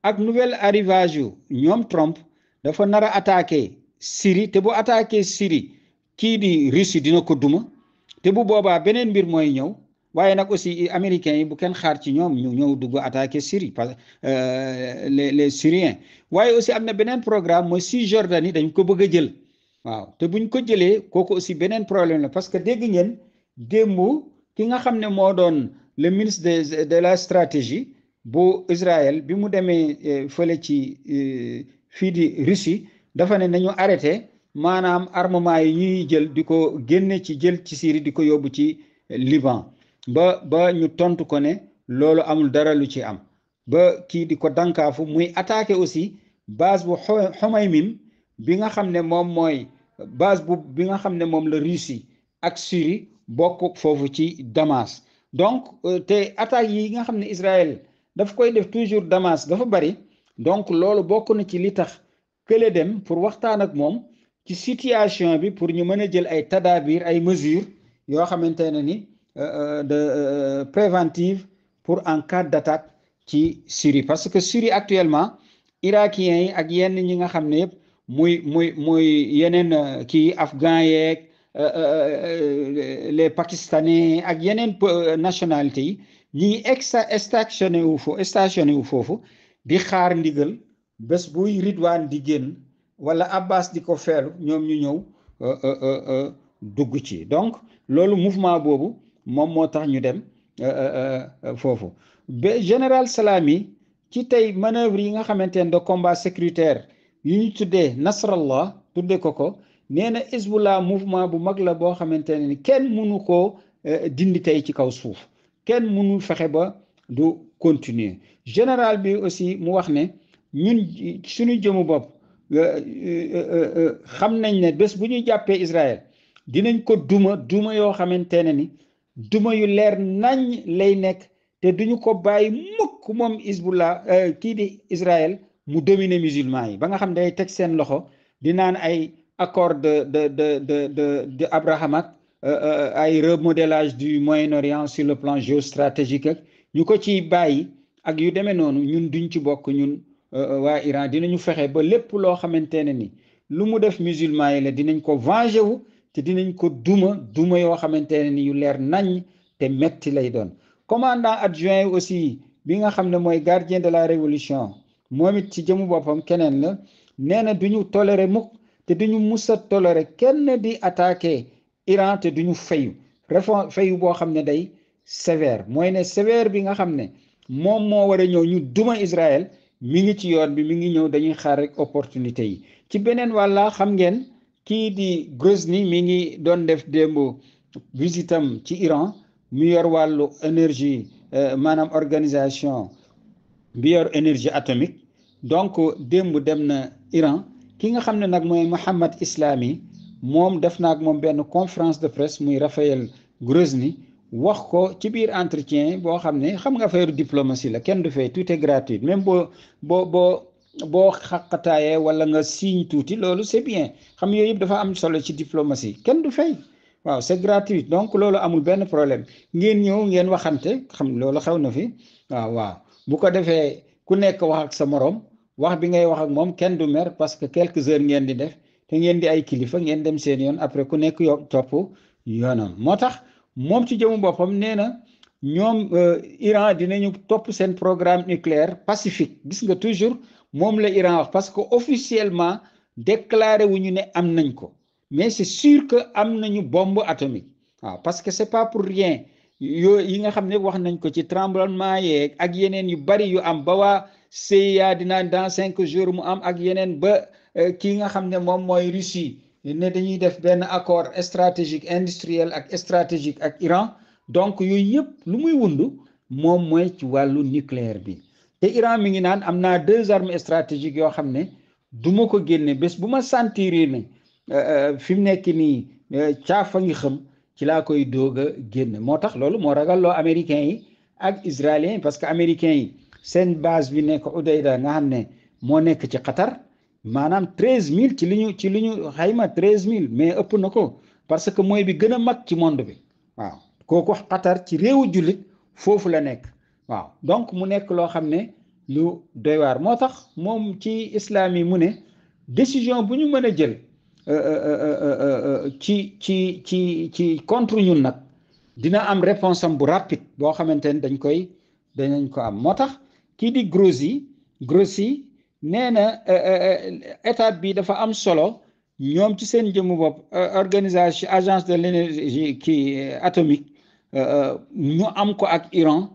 C: ak nouvel arrivage yu ñoom Trump dafa nar a attaqué Syrie te bu attaqué Syrie kii di Russie dina ko duma te bu boobaa beneen mbir mooy ñëw waaye nag aussi américains yi bu kenn xaar ci ñoom ñu ñëw dugg attaqué Syrie parce que euh, les les Syriens waaye aussi am na beneen programme mooy Cisjordanie dañ ko bëgg a jël. waaw te buñ ko jëlee kooku aussi beneen problème la parce que dégg ngeen démb ki nga xam ne moo doon le ministre de de la stratégie bu Israël bi mu demee eh, fële ci eh, fii di Russie dafa ne nañu arrêté maanaam armement yi ñuy jël di ko génne ci jël ci Syrie di ko yóbbu ci Liban ba ba ñu tontu ko ne loolu amul dara lu ci am ba kii di ko dankaafu muy attaqué aussi base bu Homaymim bi nga xam ne moom mooy base bu bi nga xam ne moom la Russie ak Syrie bokk foofu ci Damas donc euh, te attaques yi nga xam ne Israël daf koy def toujours Damas dafa bari donc loolu bokk na ci li tax kële dem pour waxtaan ak moom ci situation bi pour ñu mën a jël ay tadaabir ay mesures yoo xamante ne ni euh, euh, de préventive pour en cas d'attaque ci Syrie parce que Syrie actuellement irakiens yi ak yenn ñi nga xam ne yëpp muy muy muy yeneen euh, kii afghan yeeg euh, euh, les pakistanais ak yeneen nationalité yi ñi ngi exa stationné wu foofu stationné wu di xaar ndigal bés buy Ridwaan di génn wala Abbas di ko feelu ñoom ñu ñëw dugg ci donc loolu mouvement boobu moom moo tax ñu dem foofu ba général Salami ci tey manœuvre yi nga xamante ne de combat sécuritaire yu ñu tuddee nasrallah tuddee ko ko nee na isbullah mouvement bu mag la boo xamante ne ni kenn mënu koo eh, dindi tey ci kaw suuf kenn mënul fexe ba du continuer général bi aussi mu wax ne ñun suñu jëmu bopp eh, eh, xam nañ ne bés bu ñuy jàppee Israël dinañ ko duma duma yoo xamante ne ni duma yu leer nàññ lay nekk te duñu ko bàyyi mukk moom isbullah kii di Israël mu dominer musulman yi ba nga xam ne day teg seen loxo di naan ay accord de de de de de de Abraham ak euh, euh, ay remodélage du Moyen-Orient sur le plan géostratégique ak ñu ko ci bàyyi ak yu demee noonu ñun duñ ci bokk ñun euh, waa Iran dinañu fexe ba lépp loo xamante ne ni lu mu def musulman yi la dinañ ko venger wu te dinañ ko duma duma yoo xamante ne ni yu leer nañ te metti lay doon commandant adjoint aussi bi nga xam ne mooy gardien de la révolution moom it ci jëmu boppam keneen la nee na du ñu toléré mukk te duñu musa mus a kenn di attaqué Iran te du ñu fayu réforme fayu boo xam ne day sévère mooy ne sévère bi nga xam ne moom moo war ñëw ñu duma Israël mi ngi ci yoon bi mi ngi ñëw dañuy xaar rek opportunité yi ci beneen wàlla xam ngeen kii di ni mi ngi doon def démb visitam ci Iran mu yor wàllu énergie euh, maanaam organisation bi énergie atomique donc démb dem na Iran ki nga xam ne nag mooy Mohammad Islami moom def na ak moom benn conférence de presse muy Raphaël Grosny wax ko ci biir entretien boo xam ne xam nga affaire diplomatie la kenn du fay tout est même boo boo boo boo xaqataayee wala nga signe tuuti loolu c'est bien xam yooyu yëpp dafa am solo ci diplomatie kenn du fay waaw c'est gratuit donc loolu amul benn problème ngeen ñëw ngeen waxante xam loolu xew na fi waaw bu ko defee ku nekk wax ak sa morom wax bi ngay wax ak moom kenn du mer parce que quelques heures ngeen di def te ngeen di ay kilifa ngeen dem seen yoon après ku nekk yo topp yoonam moo tax moom ci jamu boppam nee na ñoom euh, Iran dinañu topp seen programme nucléaire pacifique gis nga toujours moom la Iran wax parce que officiellement déclaré wu ñu ne am nañ ko mais c'est sûr que am nañu bomb atomique waaw parce que c'est pas pour rien yoo yi nga xam ne wax nañ ko ci tremblement yeeg ak yeneen yu bari yu am ba waa CIA dina dans cinq jours mu am ak yeneen ba euh, kii nga xam ne moom mooy Russie ne dañuy def benn accord stratégique industriel ak stratégique ak Iran donc yooyu yëpp lu muy wundu moom mooy ci wàllu nucléaire bi te Iran mi ngi naan am naa deux armes stratégiques yoo xam ne duma ko génne bés bu ma sentir ne euh, euh, fi mu nekk nii caafa ngi xëm ci laa koy doog génn moo tax loolu moo ragal loo américains yi ak israéliens yi parce que américains yi seen base bi nekk Udayda nga ne moo nekk ci Qatar maanaam treize mille ci li ñu ci li ñu xayma treize mille mais ëpp na ko parce que mooy bi gën a mag ci monde bi waaw kooku Qatar ci réewu jullit foofu la nekk waaw donc mu nekk loo xam ne lu doy waar moo tax moom ci islam yi mu ne décision bu ñu mën a jël Euh, euh, euh, ci ci ci ci contre ñu nag dina am réponse bu rapide boo xamante ne dañ koy danañ ko am moo tax kii di Grossi Grossi nee na état bi dafa am solo ñoom ci seen jëmmu bopp organisation agence de l'énergie kii atomique ñu am ko ak Iran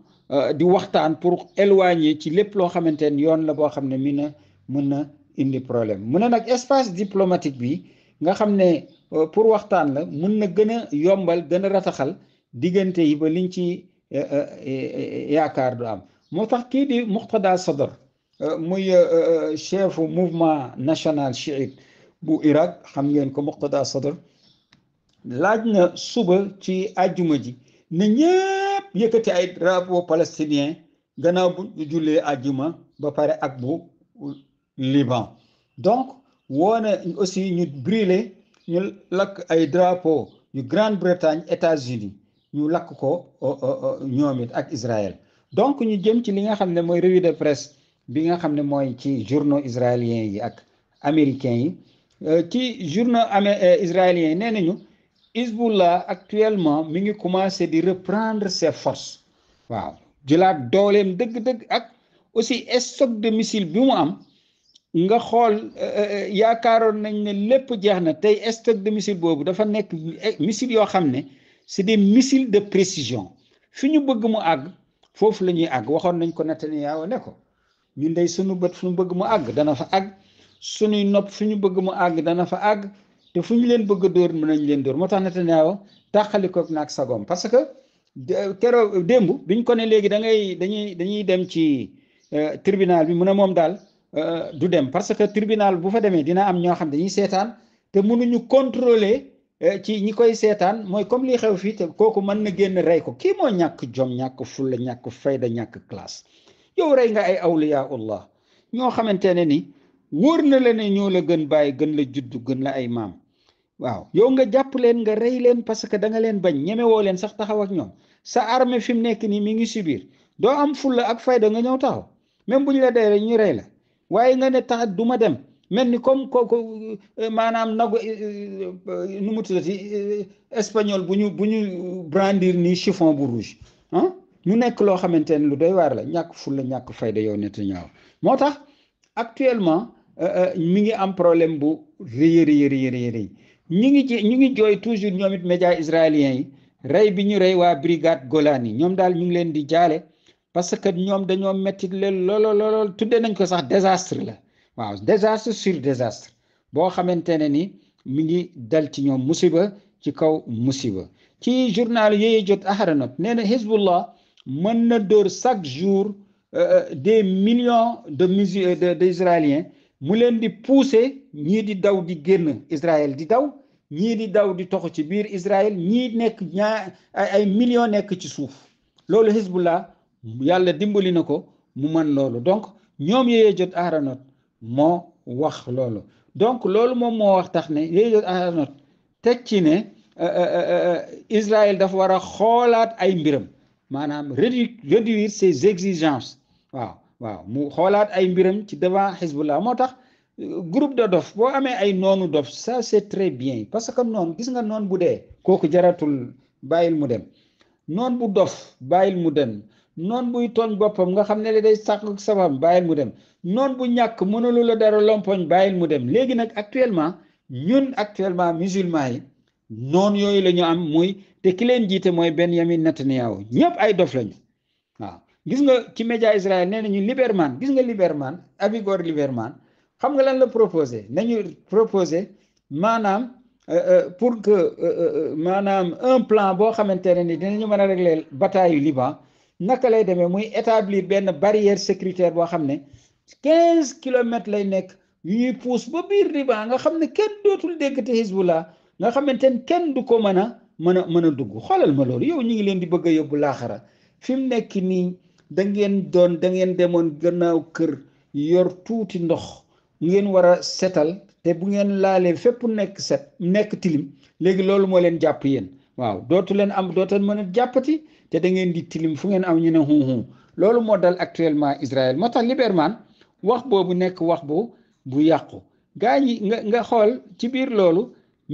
C: di waxtaan pour éloigner ci lépp loo xamante ne yoon la boo xam ne mën na mën na indi problème mu ne nag espace diplomatique bi nga xam ne euh, pour waxtaan la mun na gën a yombal gën a rataxal diggante yi ba liñ ci euh, euh, yaakaar du am moo tax kii di muqtada sadr muy chef mouvement national chiite bu Irak xam ngeen ko muqtada sadr laaj na suba ci àjjuma ji ne ñëpp yëkkati ay rabo palestinien gannaaw bu jullee àjjuma ba pare ak bu Liban woona aussi ñu brûler ñu lakk ay drapo yu Grande-Bretagne États-Unis ñu lakk ko ñoom it ak Israël donc ñu jëm ci li nga xam ne mooy revue de presse bi nga xam ne mooy ci journaux israéliens yi ak américains yi euh, ci journaux euh, israéliens yi nee nañu Hezbollah actuellement mi ngi commencé di reprendre ses forces waaw jëlaat dooleem dëgg-dëgg ak aussi stock de missile bi mu am nga xool eh, eh, eh, yaakaaroon nañ ne lépp jeex na tey stock de missile boobu dafa nekk missile yoo xam ne c'est des missiles de précision fi ñu bëgg mu àgg foofu la ñuy àgg waxoon nañ ko Netanyahu ne ko ñu day suñu bët fu ñu bëgg mu àgg dana fa àgg suñuy nopp fi ñu bëgg mu àgg dana fa àgg te fu ñu leen bëgg a dóor mën nañ leen dóor moo tax Netanyahu tàqali ko naag sagoom parce que keroog démb biñ ko ne léegi da ngay dañuy dañuy dem ci tribunal bi mu ne moom daal Euh, du dem parce que tribunal bu fa demee dina am ñoo xam dañuy seetaan te mënuñu contrôler euh, ci ñi koy seetaan mooy comme lii xew fii te kooku mën na génn rey ko kii moo ñàkk jom ñàkk fulla ñàkk fayda ñàkk classe yow rey nga ay awliyaullah ñoo xamante ne ni wóor na la ne ñoo la gën bàyyi gën la judd gën la ay maam waaw yow nga jàpp leen nga rey leen parce que da nga leen bañ ñemewoo leen sax taxaw ak ñoom sa armee fi mu nekk nii mi ngi subir doo am fulla ak fayda nga ñëw taxaw même bu ñu la dee ñu rey la waaye nga ne tax du ma dem mel ni comme kooku euh, maanaam nagu euh, euh, nu mu tuddati espagnol bu ñu bu ñu brandir nii chiffon bu rouge ah mu nekk loo xamante ne lu doy waar la ñàkk ful la ñàkk fayda yow neta ñaaw moo tax actuellement mi ngi am problème bu rëy rëy rëy rëy ñu ngi ci ñu ngi jooy toujours ñoomit it média yi rey bi ñu rey waa brigade Golani ñoom daal ñu ngi leen di jaale parce que ñoom dañoo métti leen looloo looloo tuddee nañ ko sax désastre la waaw désastre sur désastre boo xamante ne ni mu ngi dal ci ñoom musiba ci kaw musiba ci journal yooyu jot Ahranot nee na mën na dóor chaque jour euh, euh, des millions de mus euh, d' israéliens mu leen di pousser ñii di daw di génn Israël di daw ñii di daw di toxu ci biir Israël ñii nekk ñaa ay millions nekk ci suuf loolu Hezbollah yàlla dimbali na ko mu man loolu donc ñoom yooyu jot aaronot moo wax loolu donc loolu moom moo wax tax ne yooyu jot aaronot teg ci ne euh, euh, euh, Israël dafa war a xoolaat ay mbiram maanaam réduire ses exigences waaw waaw mu xoolaat ay mbiram ci devant Hezbollah moo tax groupe de dof boo amee ay noonu dof ça c'est très bien parce que noonu gis nga noon bu dee kooku jaratul bàyyil mu dem noon bu dof bàyyil mu dem noon buy tooñ boppam nga xam ne la day sàq sabam bàyyil mu dem noon bu ñàkk mënalu la dara lompoñ bàyyil mu dem léegi nag actuellement ñun actuellement musulman yi noon yooyu la ñu am muy te ki leen jiite mooy Benjamin Netanyahu ñëpp ay dof lañu waaw gis nga ci média Israël nee nañu Liberman gis nga Liberman Avigor Liberman xam nga lan la proposé nañu proposé maanaam euh, euh, pour que euh, maanaam un plan boo xamante ne dina ñu mën a régler bataille Liban naka lay demee muy établir benn barrière sécuritaire boo xam ne quinze kilomètres lay nekk yu ñuy puus ba biir Liban nga xam ne kenn dootul déggati Hezbollah nga xamante ne kenn du ko mën a mën a mën a dugg xoolal ma loolu yow ñu ngi leen di bëgg a yóbbu laaxara fi mu nekk nii da ngeen doon da ngeen demoon gannaaw kër yor tuuti ndox ngeen war a setal te bu ngeen laalee fépp nekk set nekk tilim léegi loolu moo leen jàpp yéen waaw dootu am dootu leen mën te da ngeen di tilim fu ngeen am ñu ne hunhun loolu moo dal actuellement Israël moo tax Lieberman wax boobu nekk wax bu bu yàqu gaa ñi nga nga xool ci biir loolu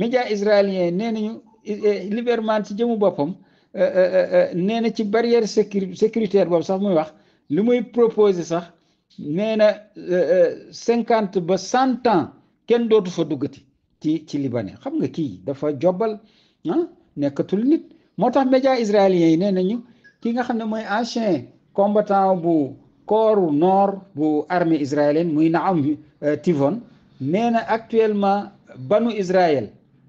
C: média israélien nee nañu Lieberman ci jëmu boppam euh, euh, euh, nee na ci barrière sécur sécuritaire boobu sax muy wax lu muy proposé sax nee na cinquante ba cent ans kenn dootu fa duggati ci ci libanais xam nga kii dafa jobal ah, nekkatul nit moo tax média israélien yi nee nañu ki nga xam ne mooy ancien combattant bu corps nord bu armée israélienne muy Naam euh, Tivon nee na actuellement banu Israël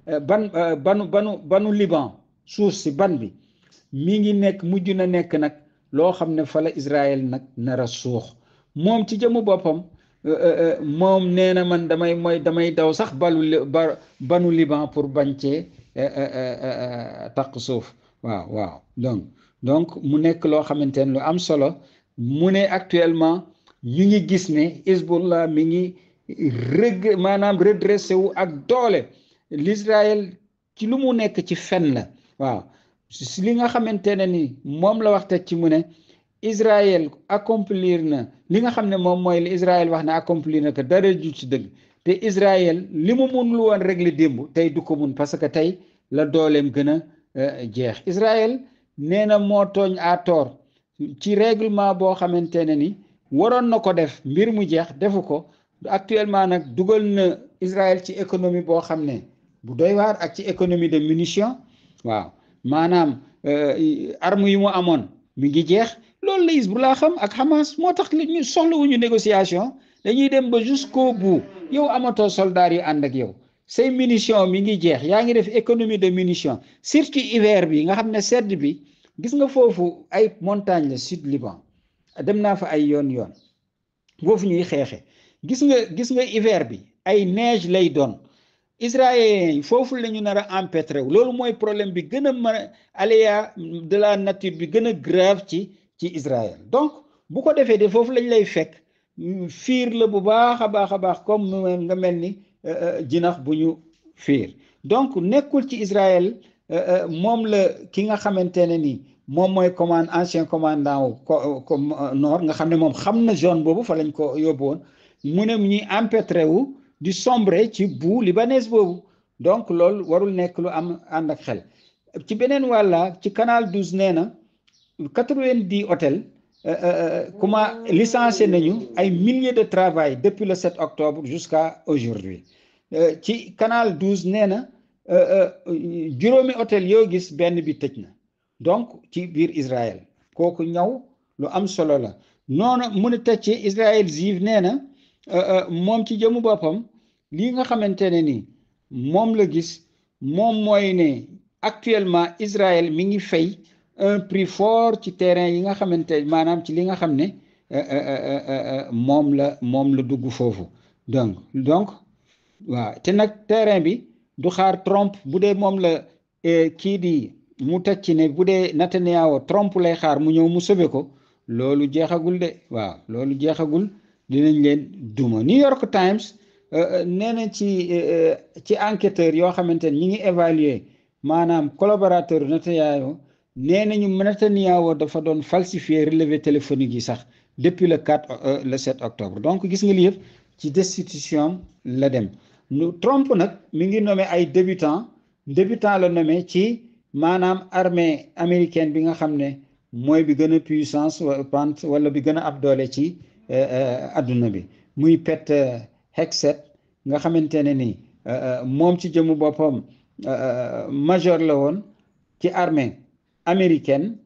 C: euh, ban euh, banu banu banu Liban suuf si ban bi mi ngi nekk mujj na nekk nag loo xam ne fa la nag nar suux moom ci jëmu boppam moom nee na man damay mooy damay daw sax balu banu Liban pour bañ Eh, eh, eh, taq suuf waaw waaw donc donc mu nekk loo xamante ne lu am solo mu ne actuellement ñu ngi gis ne Hezbollah mi ngi rëgg maanaam redressé wu ak doole l'Israël ci lu mu nekk ci fen la waaw li nga xamante ne ni moom la wax teg ci mu ne Israël accomplir na li nga xam ne moom mooy li Israël wax ne accomplir na que dara ju ci dëgg te Israël li mu mun lu woon régler démb tey du ko mun parce que tey la dooleem gën a eh, jeex Israël nee na moo tooñ à tort ci réglement boo xamante ne ni waroon na ko def mbir mu jeex defu ko actuellement nag dugal na Israël ci économie boo xam ne bu doy waar ak ci économie de munition waaw maanaam eh, arme yu mu amoon mi ngi jeex loolu la Hezbollah xam ak Hamas moo tax ñu soxlawuñu négociation dañuy dem ba jusqu'au bu yow amato soldat yu ànd ak yow say munition mi ngi jeex yaa ngi def économie de munition surtout hiver bi nga xam ne sedd bi gis nga foofu ay montagne la sud Liban dem naa fa ay yoon yoon foofu ñuy xeexe gis nga gis nga hiver bi ay neige lay doon israéliens foofu la ñu nar a empêtré loolu mooy problème bi gën a mën a aléa de la nature bi gën a grave ci ci Israël donc bu ko defee de foofu lañ lay fekk fiir la bu baax a baax a baax comme nga mel ni jinax bu ñu fiir donc nekkul ci Israël euh, euh, moom la ki nga xamante ne ni moom mooy commande ancien commandant euh, comme nord nga xam ne moom xam na zone boobu fa lañ ko yóbbu woon mu ne ñuy empêtré wu di sombre ci bu libanaise boobu donc loolu warul nekk lu am ànd ak xel ci beneen wàlla ci canal 12 nee na quatre-vingt-dix hôtels comment licencié nañu ay milliers de travail depuis le 7 octobre jusqu'à aujourd'hui Euh, ci canal 12 nee na euh, euh, juróomi hôtel yoo gis benn bi tëj na donc ci biir Israël kooku ñaw lu am solo la noonu mun a tëj ci Israël Ziv nee na moom ci jëmu boppam lii nga xamante ne ni moom la gis moom mooy ne actuellement Israël mi ngi fay un prix fort ci terrain yi nga xamante maanaam ci li nga xam ne moom la moom la dugg foofu donc donc. waaw te nag terrain bi du xaar Trump bu dee moom la eh, kii di mu teg ci ne bu dee Netanyahu tromp lay xaar mu ñëw mu sobe ko loolu jeexagul de waaw loolu jeexagul dinañ leen duma New York Times eh, eh, nee na ci ci enquêteur yoo xamante ne ñi ngi évaluer maanaam collaborateur Netanyahu nee nañu Netanyahu dafa doon falsifier relevé téléphonique yi sax depuis le 4 le 7 octobre donc gis nga li yëpp ci destitution la dem lu nag mi ngi nommé ay débutant débutant la nommé ci maanaam armée américaine bi nga xam ne mooy bi gën a puissance pente wala bi gën a ab doole ci euh, euh, adduna bi muy Pete euh, Hegseth nga xamante ne ni moom ci jëmu boppam major la woon ci armée américaine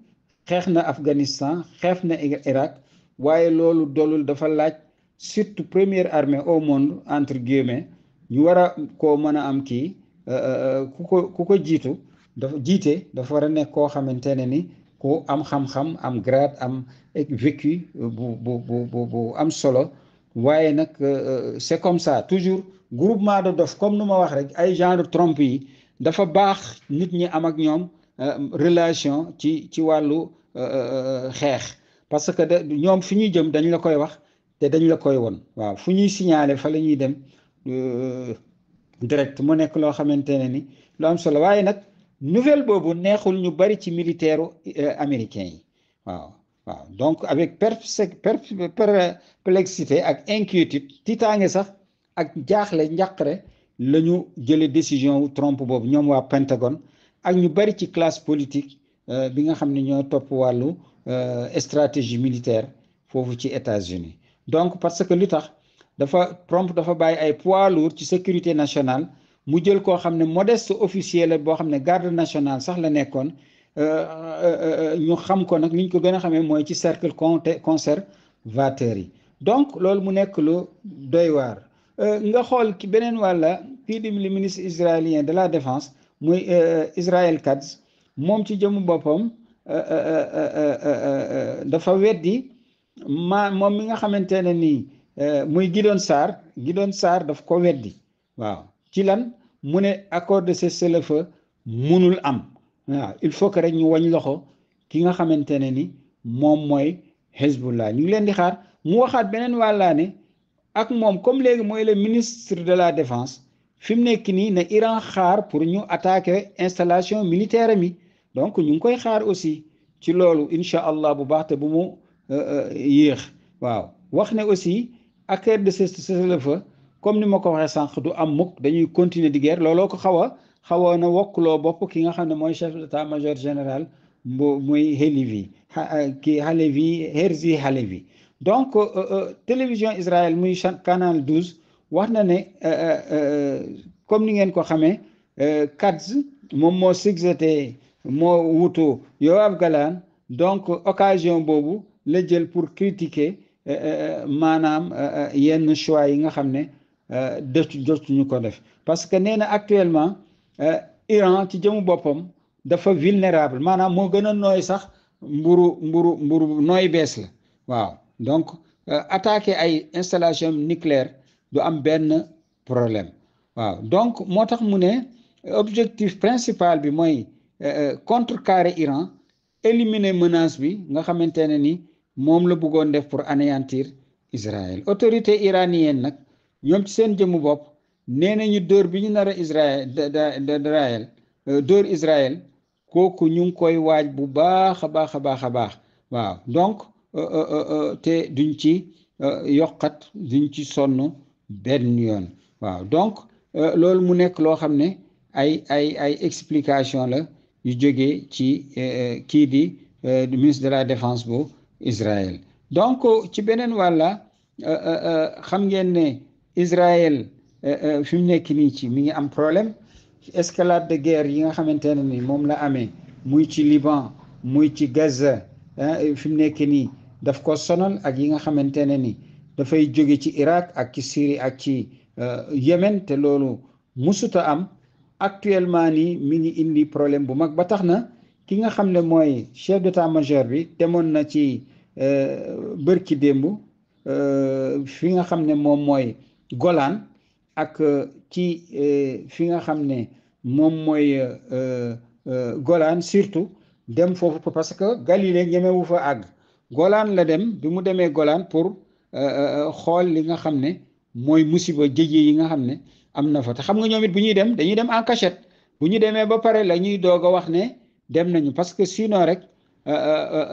C: xeex na Afghanistan xeex na Irak waaye loolu doolul dafa laaj surtout première armée au monde entre guillemets ñu war a koo mën a am kii euh, euh, euh, ku ko ku ko jiitu dafa jiite dafa war a nekk koo xamante ne ni ku am xam-xam am grade am vécu bu bu bu bu am solo waaye nag c'est comme ça toujours groupement de dof comme nu ma wax rek ay genre trompe yi dafa baax nit ñi am ak ñoom relation ci ci wàllu xeex parce que de ñoom fi ñuy jëm dañ la koy wax te dañ la koy won waaw fu ñuy signaler fa la ñuy dem Euh, direct moo nekk loo xamante ne ni lu am solo waaye nag nouvelle boobu neexul ñu bari ci militaire euh, américain yi waaw waaw donc avec plexité ak inquiétude tiitaange sax ak jaaxle njàqare la ñu jële décision wu Trump boobu ñoom waa Pentagone ak ñu bari ci classe politique euh, bi nga xam ne ñoo topp wàllu stratégie militaire foofu ci États-Unis donc parce que lu tax dafa Trump dafa bàyyi ay pois lourds ci sécurité nationale mu jël koo xam ne modeste officier la boo xam ne garde nationale sax la nekkoon euh, euh, euh, ñu xam ko nag ni ñu ko gën a xamee mooy ci cercle conservateur yi donc loolu mu nekk lu doy waar nga xool ki beneen wàlla kii di le ministre israélien de la défense muy Israël Katz moom ci jëmu boppam dafa weddi ma moom mi nga xamante ne nii Eh, muy Gideon Sarr Gideon saar daf ko weddi waaw ci lan mu ne accord de cessez le munul am waaw il faut que rek ñu wañ loxo ki nga xamante ne ni moom mooy Hezbollah ñu ngi leen di xaar mu waxaat beneen wàllaa ne ak moom comme léegi mooy le ministre de la défense fi mu nekk nii na Iran xaar pour ñu attaquer installation militaire mi donc ñu ngi koy xaar aussi ci loolu incha allah bu baaxte bu mu euh, euh, yéex waaw wax ne aussi. ak de cessez-le-feu fa comme ni ma ko waxee sànq du am mukk dañuy continuer di guerre looloo ko xaw a xawoon a wokkuloo bopp ki nga xam ne mooy chef d'état major général bu muy Halevi ki Halevi Herzi Halevi donc euh, euh, télévision Israël muy canal 12 wax na ne euh, comme ni ngeen ko xamee Katz moom moo succédé moo wutu Yoav Galan donc occasion boobu la jël pour critiquer Eh, eh, eh, maanaam yenn choix yi nga xam ne dëtu jotuñu ko def parce que nee na actuellement Iran ci jëmu boppam dafa vulnérable maanaam moo gën a nooy sax mburu mburu mburu nooy bees la waaw donc attaquer ay installation nucléaire du am benn problème waaw donc moo tax mu ne objectif principal bi mooy contre carré Iran éliminer menace bi nga xamante ne nii moom la buggoon def pour anéantir Israël autorité iranienne nag ñoom ci seen jëmmu bopp nee nañu dóor bi ñu nar a Israël Israël euh, dóor Israël kooku ñu ngi koy waaj bu baax a baax a baax a baax waaw donc euh, euh, te duñ ci yokkat duñ ci sonn benn yoon waaw donc loolu mu nekk loo xam ne ay ay ay explication la yu jógee ci kii di ministre de la defence bu Israël donc ci beneen wàlla euh, euh, euh, xam ngeen ne Israël fi mu nekk nii ci mi ngi am problème escalade de guerre yi nga xamante ne nii moom la amee muy ci Liban muy ci Gaza fi mu nekk nii daf ko sonal ak yi nga xamante ne ni dafay jóge ci Irak ak ci Syrie ak ci Yémen te loolu musuta am actuellement nii mi ngi indi problème bu mag ba tax na ki nga xam ne mooy chef d'état-major bi demoon na ci Euh, bërki démb fi nga xam ne moom mooy golaan ak ci fi nga xam ne moom mooy Golan euh, euh, surtout dem foofu parce que Galilée ñemewu fa àgg Golan la dem bi mu demee golaan pour xool li nga xam ne mooy musiba jëje yi nga xam ne am na fa te xam nga ñoom it bu ñuy dem dañuy dem en cachette bu ñu demee ba pare la ñuy doog a wax ne dem nañu parce que sinon rek Euh, euh,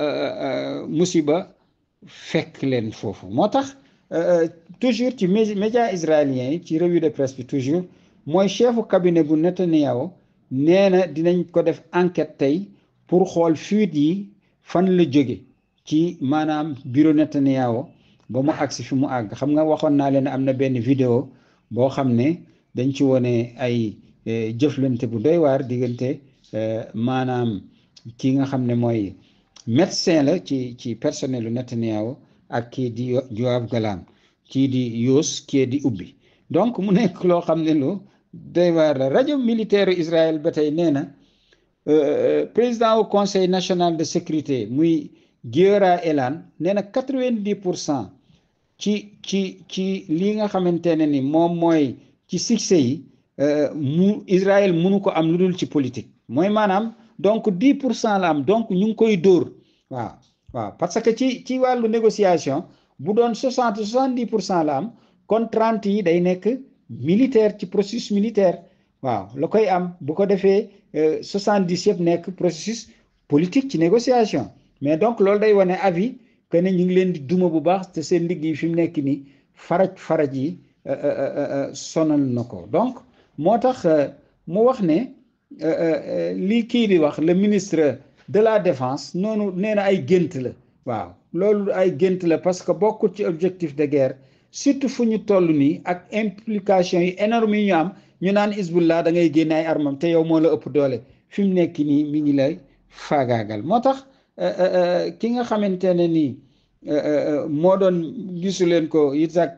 C: euh, musiba fekk leen foofu moo tax toujours ci média israélien yi ci revue de presse bi toujours mooy chefu cabinet bu Netanyahu nee na dinañ ko def enquête tey pour xool fuite yi fan la jóge ci maanaam bureau Netanyahu ba mu agsi fi mu àgg xam nga waxoon naa leen am na benn vidéo boo xam ne dañ ci wone ay jëflante bu doy waar diggante maanaam kii nga xam ne mooy médecin la ci ci personnel lu Netanyahu ak kii di Yoav Galan ci di yoos kii di ubbi donc mu nekk loo xam ne lu doy waar rajo militaire Israël ba tey nee na euh, euh, président au conseil national de sécurité muy Giora Elan nee na quatre vingt pour cent ci ci ci li nga xamante ne ni moom mooy ci succès yi euh, mu Israël munu ko am lu dul ci politique mooy maanaam. donc 10 pour cent la donc ñu ngi koy dóor waaw waaw parce que ci ci wàllu négociation bu doon 60 70 pour cent la am kon yi day nekk militaire ci processus militaire waaw la koy am bu ko defee 70 euh, yëpp nekk processus politique ci négociation mais donc loolu day wane avis que ne ñu ngi leen di duma bu baax te seen liggéey fi mu nekk nii faraj faraj yi euh, euh, sonal na ko donc moo tax mu wax ne. Euh, euh, euh, lii kii bi wax le ministre de la défense noonu nee na ay gént la waaw loolu ay gént la parce que bokkul ci objectif de guerre surtout fu ñu toll nii ak implication yi énorme yi ñu am ñu naan Hezbollah da ngay génne ay armam te yow moo la ëpp doole fi mu nekk nii mu ngi lay faagaagal moo tax ki nga xamante ne nii moo doon gisu leen ko Isaac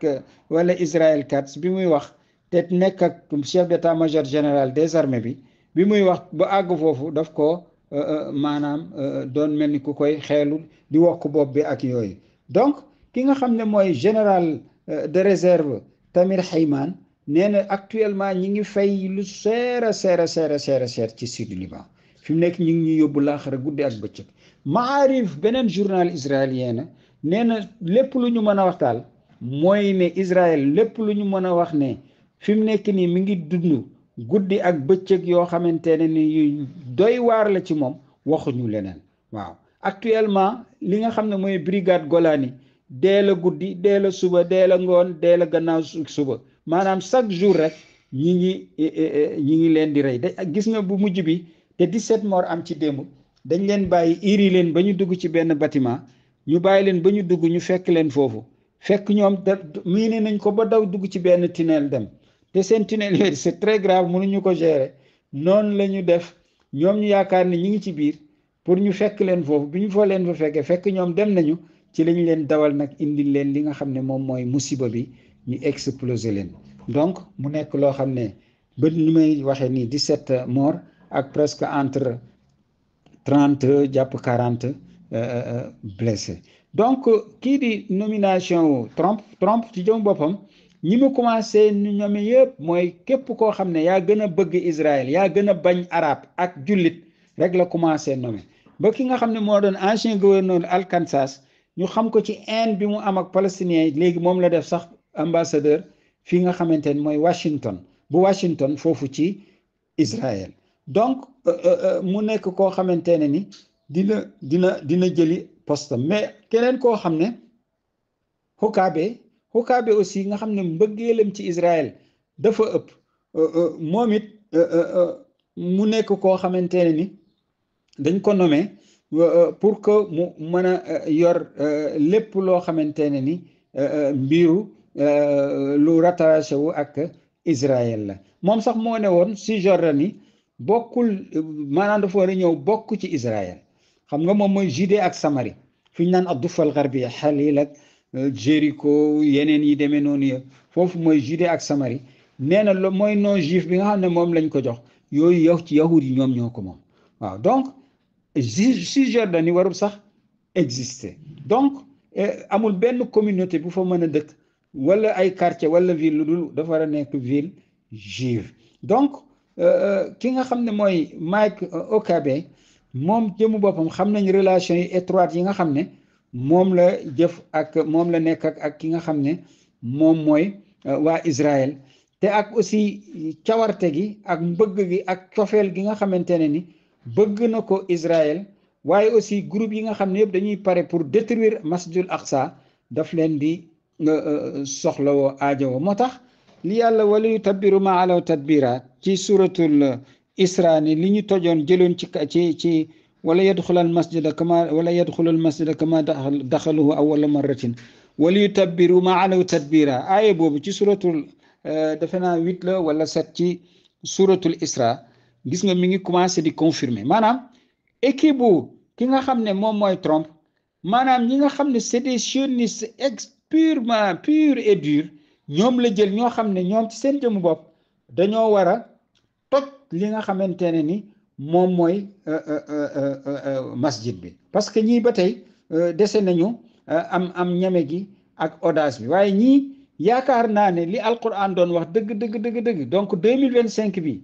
C: wala Israël Katz bi muy wax te nekk ak chef d'état-major général des bi bi muy wax ba àgg foofu daf ko euh, euh, maanaam euh, doon mel ni ku koy xeelu di wokk bopp bi ak yooyu donc ki nga xam ne mooy général de réserve Tamir Hayman nee na actuellement ñi ngi fay lu seer a seer a seer a seer a seer ci sud Liban fi mu nekk ñu ngi ñu yóbbu laaxara guddi ak bëccëg Maarif beneen journal israélien na nee na lépp lu ñu mën a wax daal mooy ne Israël lépp lu ñu mën a wax ne fi mu nekk nii mi ngi dundu guddi ak bëccëg yoo xamante ne ni yu doy waar la ci moom waxuñu leneen waaw actuellement li nga xam ne mooy brigade Golani dee la guddi dee la suba dee la ngoon dee la gannaaw suba maanaam chaque jour rek ñi ngi eh, eh, eh, ñi ngi leen di rey da gis nga bu mujj bi te di 17 morts am ci démb dañ leen bàyyi iri leen ba ñu dugg ci benn bâtiment ñu bàyyi leen ba ñu dugg ñu fekk leen foofu fekk ñoom da miine nañ ko ba daw dugg ci benn tunnel dem te seen tunnel yooyu c'est très grave mënuñu ko gérer noonu la ñu def ñoom ñu yaakaar ne ñu ngi ci biir pour ñu fekk leen foofu bi ñu foo leen fa fekkee fekk ñoom dem nañu ci lañu leen dawal nag indil leen li nga xam ne moom mooy musiba bi ñu exploser leen donc mu nekk loo xam ne ba ni may waxee nii di 17 morts ak presque entre 30 jàpp 40 euh, euh, euh, blessés donc kii di nomination Trump Trump ci jëm boppam. ñi mu commencé ñoom yëpp mooy képp koo xam ne yaa gën a bëgg Israël yaa gën a bañ araab ak jullit rek la commencé nommé ba ki nga xam ne moo doon ancien gouverneur Arkansas ñu xam ko ci Inde bi mu am ak palestinien léegi moom la def sax ambassadeur fii nga xamante ni mooy Washington bu Washington foofu ci Israël donc euh, euh, euh, mu nekk koo xamante ne ni dina dina dina jëli poste mais keneen koo xam ne Huckabee Hucaabe aussi nga xam ne mbëggeelam ci Israël dafa ëpp euh, euh, moom it euh, mu nekk koo xamante ne ni dañ ko nommé pour que mu mën a yor lépp loo xamante ne ni mbiru lu rattaché wu ak Israël la moom sax moo ne woon si Jordanie bokkul maanaam dafa war ñëw bokk ci Israël xam nga moom mooy Judée ak samari fi naan ad-Duffa al-Gharbiyya xaliil Euh, Jéricho yeneen yi demee noonu yëpp foofu mooy Judée ak Samari nee na lo mooy non juif bi nga xam ne moom lañ ko jox yooyu yow ci yahud yi ñoom ñoo ko moom waaw donc si Jordanie warul sax exister donc euh, amul benn communauté bu fa mën a dëkk wala ay quartier wala ville lu dul dafa war a nekk ville juive donc euh, ki nga xam ne mooy Mike Okabe moom jëmu boppam xam nañ relation yi étroite yi nga xam ne moom la jëf ak moom la nekk ak ak ki nga xam ne moom mooy euh, waa israel te ak aussi cawarte gi ak mbëgg gi ak cofeel gi nga xamante ne ni bëgg na ko israel waaye aussi groupe yi nga xam ne yëpp dañuy pare pour détruire masjidul aksa daf leen di euh, euh, soxlawoo aajowoo moo tax li yàlla wala yu tabbiru ma alaw ci suratul isra ni li ñu tojoon jëloon ci ci ci wala yadxul al masjida kama wala yadxul al masjida kama daxaluhu awala marratin wala yu tabbiru ma alaw tadbira aaye boobu ci suratul defe naa huit la wala sept ci suratul isra gis nga mi ngi commencé di confirmer maanaam équipe bu ki nga xam ne moom mooy Trump maanaam ñi nga xam ne c'est des sionistes ex pur et dur ñoom la jël ñoo xam ne ñoom ci seen jëmu bopp dañoo war a toj li nga xamante ne ni moom mooy euh, euh, euh, masjid bi parce que ñii ba tey dese nañu am am ñame gi ak audace bi waaye ñii yaakaar naa ne li alquran doon wax dëgg dëgg dëgg dëgg donc deux mille vingt cinq bi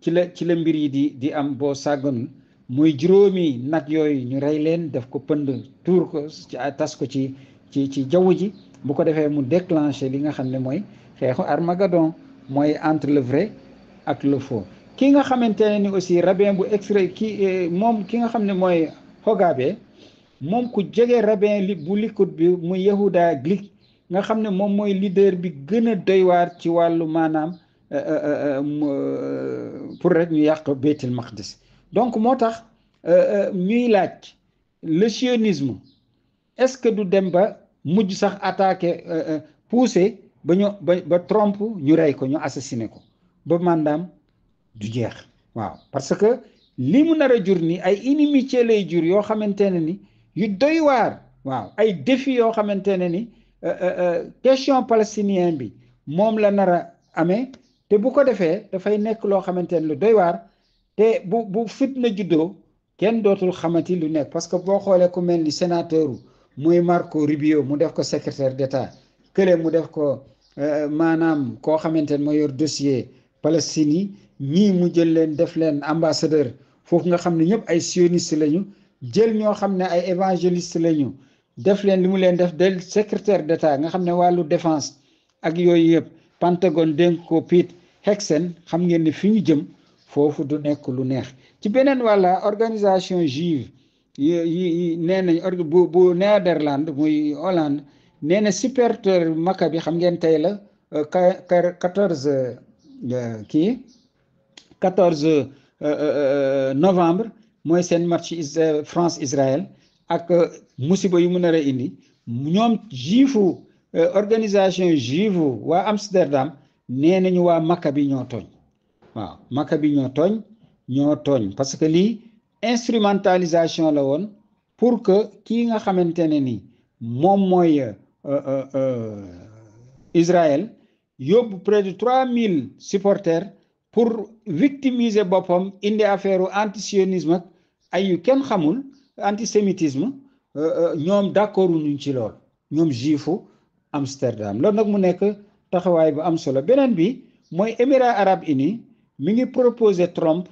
C: ci la ci la mbir yi di di am boo sàggoon muy juróomi nag yooyu ñu rey leen def ko pënd tuur ko ci atas ko ci ci ci jaww ji bu ko defee mu déclenché li nga xam ne mooy xeexu Armageddon mooy entre le vrai ak le faux ki nga xamante ne ni aussi rabin bu extra ki eh, moom ki nga xam ne mooy Hogabe moom ku jege rabin li bu likud bi mu Yehuda Glick nga xam ne moom mooy leader bi gën a doy waar ci wàllu maanaam eh, eh, pour rek ñu yàq Beytul Maqdis donc moo tax ñuy laaj le sionisme est-ce que du dem ba mujj sax attaqué poussé ba ñu ba ba ñu rey ko ñu assassiné ko ba maanaam du jeex waaw parce que li mu nar a jur ni ay inimitié lay jur yoo xamante ne ni yu doy waar waaw ay défi yoo xamante ne ni euh, euh, euh, question palestinien bi moom la nar a amee te bu ko defee dafay nekk loo xamante ne lu doy waar te bu bu fitna juddoo kenn dootul xamati lu nekk parce que boo xoolee ku mel ni sénateur muy Marco Rubio mu def ko secrétaire d'État kële mu def ko maanaam koo xamante ne moo yor dossier Palestine yi ñii mu jël leen def leen ambassadeur foofu nga xam ne ñëpp ay sioniste lañu jël ñoo xam ne ay évangéliste lañu def leen li mu leen def del secrétaire d'état nga xam ne wàllu défense ak yooyu yëpp Pentagone dénk ko Pete Hexen xam ngeen ne fi ñu jëm foofu du nekk lu neex ci beneen wàlla organisation juive yi nee nañ bu bu Néerlande muy Hollande nee na supporter Maccabi bi xam ngeen tey la euh, quatorze euh, kii 14 euh, euh, euh, novembre mooy seen match France Israël ak musiba yu mu nar indi ñoom juifu organisation juifu waa Amsterdam nee nañu waa Maccabi ñoo tooñ waaw Maccabi ñoo tooñ ñoo tooñ parce que lii instrumentalisation la woon pour que kii nga xamante ne ni moom mooy Israël yóbbu près de 3000 supporters. pour victimiser boppam indi affaire u ay yu kenn xamul antisémitisme euh, euh, ñoom d'accord ñu ci lool ñoom juifu Amsterdam loolu nag mu nekk taxawaay bu am solo beneen bi mooy Émirats arabes unis mu ngi proposer Trump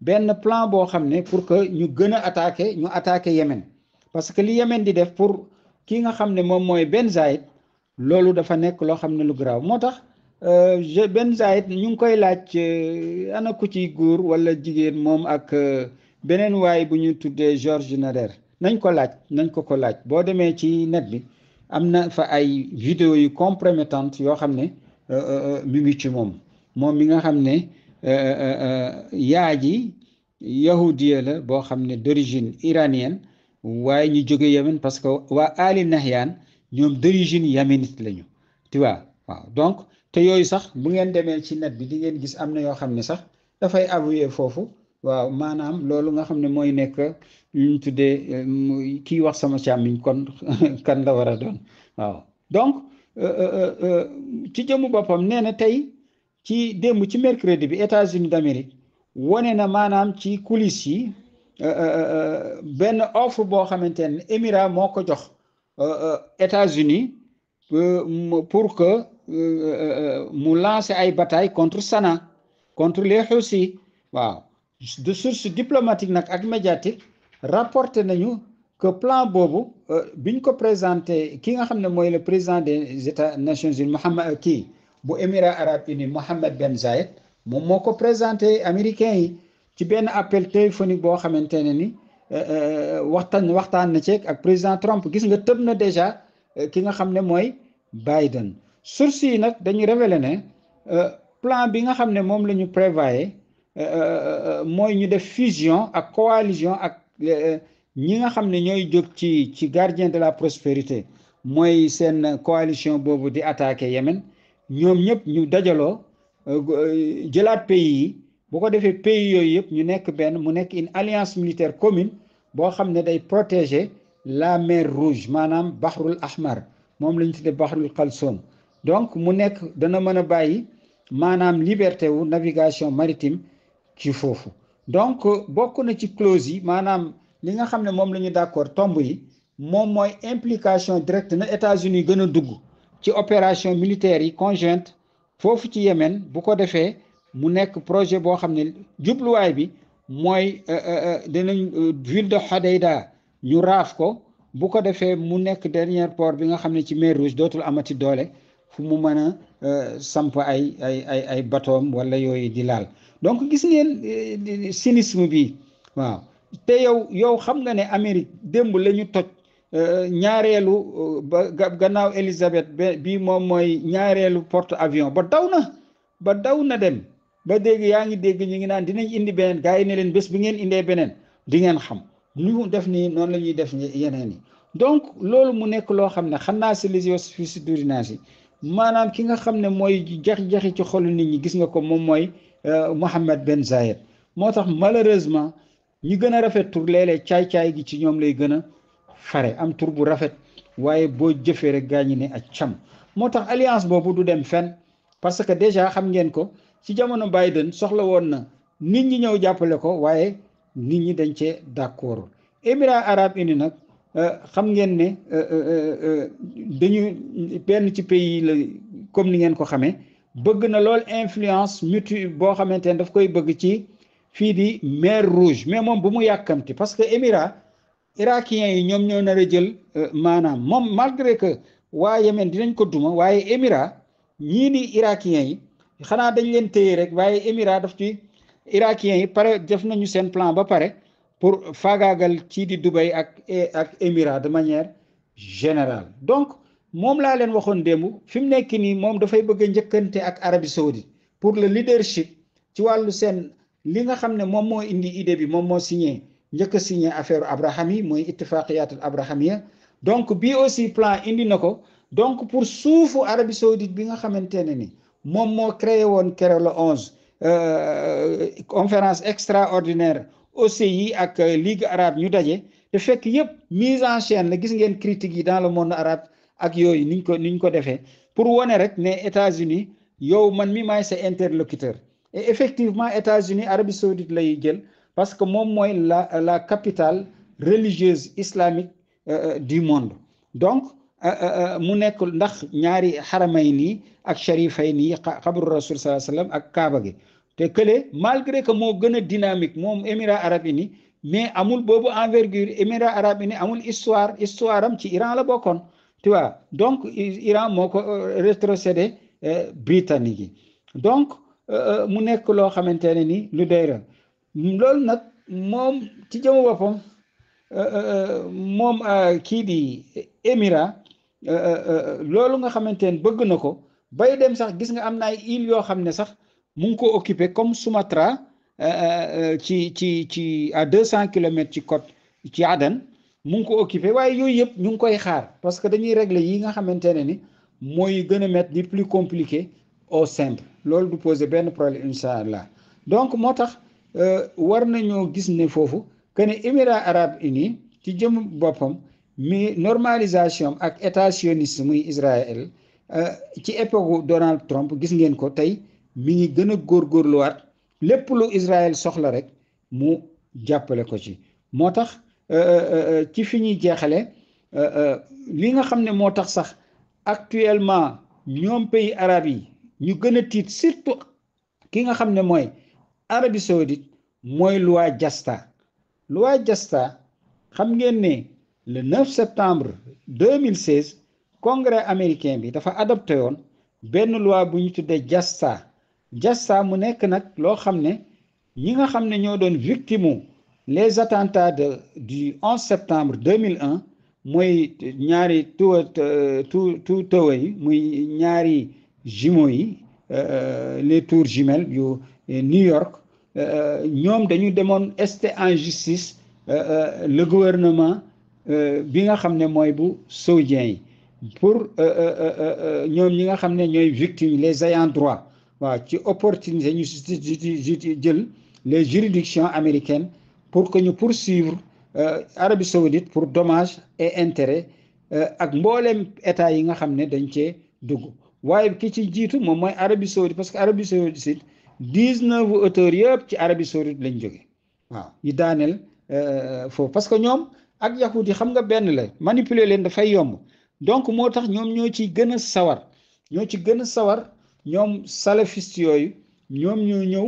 C: benn plan boo xam ne pour que ñu gën a attaquer ñu attaquer Yémen parce que li Yémen di def pour ki nga xam ne moom mooy benn Zayed loolu dafa nekk loo xam ne lu garaaw moo tax. Euh, benn saayit ñu ngi koy laaj euh, ana ku ci góor wala jigéen moom ak euh, beneen waay bu ñu tuddee Georges Nader nañ ko laaj nañ ko ko laaj boo demee ci net bi am na fa ay vidéo yu compromettante yoo xam ne mi ngi ci moom moom mi nga xam ne yaa ji yahudiya la boo xam ne d'origine iranienne waaye ñu jóge Yémen parce que waa Ali Nahyan ñoom d'origine yéménite lañu tu waaw donc te yooyu sax bu ngeen demee ci net bi di ngeen gis am na yoo xam ne sax dafay avoué foofu waaw maanaam loolu nga xam ne mooy nekk ñu tuddee euh, kii wax sama càmmiñ kon kan la war a doon waaw donc euh, euh, ci jëmu boppam nee na tey ci démb ci mercredi bi États-Unis d'Amérique wane na maanaam ci coulisses yi benn offre boo xamante ne émirat moo ko jox États-Unis pour que Euh, euh, euh, mu lancé ay bataay contre sana contre les Houthis waaw de source diplomatique nag ak médiatique rapporté nañu que plan boobu biñ ko présenté ki nga xam ne mooy le président des états nations unis Mohammed kii bu émirats arabes unis Mohammed Ben Zayed moom moo ko présenté américains yi ci benn appel téléphonique boo xamante ne ni waxtaan waxtaan na ceeg ak président Trump gis nga tëb na déjà ki nga xam ne mooy Biden source yi nag dañu révélé ne euh, plan bi nga xam ne moom la ñu prévoyé euh, euh, mooy ñu def fusion ak coalition ak ñi nga xam ne ñooy jóg ci ci gardien de la prospérité mooy seen coalition boobu di attaqué Yémen ñoom ñëpp ñu dajaloo jëlaat pays yi bu ko defee pays yooyu yëpp ñu nekk benn mu nekk une alliance militaire commune boo xam ne day protéger la mer rouge maanaam Bahrul Ahmar moom la ñu tuddee Bahrul Kalsoom donc mu nekk dana mën a bàyyi maanaam liberté wu navigation maritime ci foofu donc bokk na ci clause yi maanaam li nga xam ne moom la ñu d'accord tomb yi moom mooy implication direct na États-Unis gën a dugg ci opération militaire yi conjointe foofu ci Yémen bu ko defee mu nekk projet boo xam ne jubluwaay bi mooy euh, euh, euh, dinañ ville de Hodeida ñu raaf ko bu ko defee mu nekk dernier port bi nga xam ne ci mer Rouge dootul amati doole fu mu mën a e, samp ay ay ay ay batoom wala yooyu di laal donc gis ngeen e, e, cynisme bi waaw te yow yow xam nga ne amerique démb lañu ñu toj ñaareelu ba gannaaw Elizabeth bi moom mooy ñaareelu porte avion ba daw na ba daw na dem ba dégg yaa ngi dégg ñu ngi naan dinañ indi beneen gaa yi ne leen bés bi ngeen indee beneen di ngeen xam ñu def nii noonu la ñuy def yeneen yi donc loolu mu nekk loo xam ne xam naa si les surfaces d'urinage yi maanaam ki nga xam ne mooy jax-jaxi ci xolu nit ñi gis nga ko moom mooy euh, Mohammed Ben Zayed moo tax malheureusement ñi gën a rafet tur léeg-léeg caay-caay gi ci ñoom lay gën a fare am tur bu rafet waaye boo jëfee rek gaa ñi ne ak cam moo tax alliance boobu du dem fenn parce que déjà xam ngeen ko ci jamono Biden soxla woon na nit ñi ñëw jàppale ko waaye nit ñi dañ cee d'accord Émirats arabes nag xam ngeen ne euh, euh, euh, dañu benn ci pays la comme ni ngeen ko xamee bëgg na lool influence mutu boo xamante ne daf koy bëgg ci fii di maire rouge mais moom bu mu yàkkamti parce que émirat irakien yi ñoom ñoo na a jël maanaam moom malgré que waa Yemen dinañ ko duma waaye émirat ñii di irakien yi xanaa dañ leen téye rek waaye émirat daf ci irakien yi pare def nañu seen plan ba pare pour faagaagal kii di Dubaï ak ak émirat de manière général donc moom laa leen waxoon démb fi mu nekk nii moom dafay bëgg a njëkkante ak Arabie Saoudite pour le leadership ci wàllu seen li nga xam ne moom moo indi idée bi moom moo signé njëkk a signé affaire Abraham yi mooy ittifaqiyaatul abrahamiya donc bii aussi plan indi na ko donc pour suufu Arabie Saoudite bi nga xamante ne ni moom moo créer woon keroog le 11 euh, conférence extraordinaire. OCI ak euh, Ligue arabe ñu daje te fekk yëpp mise en chaîne la gis ngeen critiques yi dans le monde arabe ak yooyu niñ ko niñ ko defee pour wane rek ne États-Unis yow man mi maay sa interlocuteur et effectivement États-Unis Arabie Saoudite lay jël parce que moom mooy la la capitale religieuse islamique euh, euh, du monde donc mu nekk ndax ñaari xaramay nii ak sharifay nii xabru rasul sallallahu ak kaaba gi te kële malgré que moo gën a dynamique moom émirats arabes unis mais amul boobu envergure émirats arabes unis amul histoire histoire am ci Iran la bokkoon tu donc Iran moo ko euh, rétrocédé euh, britannique yi donc euh, mu nekk loo xamante ne ni lu doy la loolu nag moom ci jëmu boppam moom kii di émirat loolu nga xamante ne bëgg na ko bay dem sax gis nga am na ay îles yoo xam ne sax. mu ngi ko occupé comme Sumatra euh, euh, euh, ci ci ci à deux cent kilomètres ci côte ci Aden mu ngi ko occupé waaye yooyu yëpp ñu ngi koy xaar parce que dañuy régler yi nga xamante ne ni mooy gën a mettre di plus compliqué au simple loolu du poser benn problème incha allah donc moo tax war nañoo gis ne foofu que ne Émirats arabes ci jëm boppam mi normalisation ak état sioniste muy Israël ci époque Donald Trump gis ngeen ko tey. mi ngi gën a góorgóorluwaat lépp lu Israël soxla rek mu jàppale ko ci moo tax euh, euh, euh, ci fi ñuy jeexale li nga xam ne moo tax sax actuellement ñoom pays arab yi ñu gën a tiit surtout ki nga xam ne mooy arabi saoudite mooy loi jasta loi jasta xam ngeen ne le 9 septembre 2016 congrès américain bi dafa adopté woon benn loi bu ñu tuddee jasta jassa mu nekk nag loo xam ne ñi nga xam ne ñoo doon victime les attentats de du 11 septembre 2001 mooy ñaari tuwa tu tu tuwa yi muy ñaari jumeaux yi euh, euh, les tours jumelles yu New York euh, ñoom dañu demoon ester en justice le gouvernement bi nga xam ne mooy bu saoudien yi pour ñoom ñi nga xam ne ñooy victime les ayants droit waaw ci opportunité ñu jël les juridictions américaines pour ko ñu pour poursuivre euh, Arabie Saoudite pour domage et intérêts euh, ak mbooleem état yi nga xam ne dañ cee dugg waaye ki ci jiitu moom mooy Arabie Saoudite parce que Arabie Saoudite dix-neuf auteurs yëpp ci Arabie Saoudite lañ jóge waaw yi daaneel euh, foofu parce que ñoom ak yahud yi xam nga benn la manipuler leen dafay yomb donc moo tax ñoom ñoo ci gën a sawar ñoo ci gën a sawar ñoom salafiste yooyu ñoom ñoo ñëw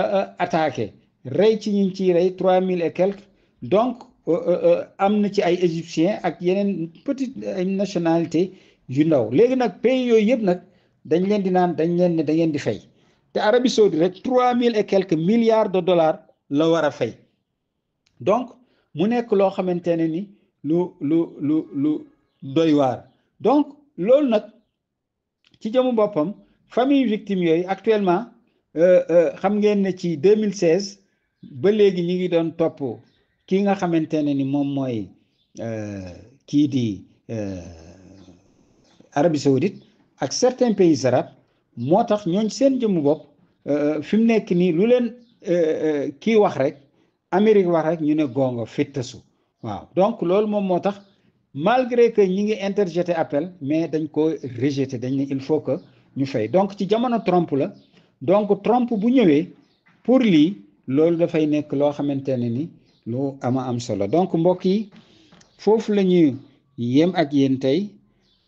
C: euh, euh, attaqué rey ci ñi ciy rey trois mille et quelques donc euh, am na ci ay égyptiens ak yeneen petite ay nationalité yu ndaw léegi nag pays yooyu yëpp nag dañ leen di naan dañ leen ne da ngeen di fay te Arabie Saoudite rek trois mille et quelques milliards de dollars la war a fay donc mu nekk loo xamante ne ni lu lu lu lu doy waar donc loolu nag ci jëmu boppam famille victime yooyu actuellement euh, euh, xam ngeen ne ci 2016 ba léegi ñi ngi doon topp ki nga xamante ne ni moom mooy euh, kii di Arabie Saoudite ak certains pays arabes moo tax ñooñ seen jëmmu bopp fi mu nekk nii lu leen kii wax rek Amérique wax rek ñu ne gongo fittasu waaw donc loolu moom moo tax malgré que ñi ngi interjeté appel mais dañ ko rejeté dañ ne il faut que ñu fay donc ci jamono tromp la donc trompe bu ñëwee pour lii loolu dafay nekk loo xamante ne ni lu ama am solo donc mbokk yi foofu la ñuy yem ak yéen tey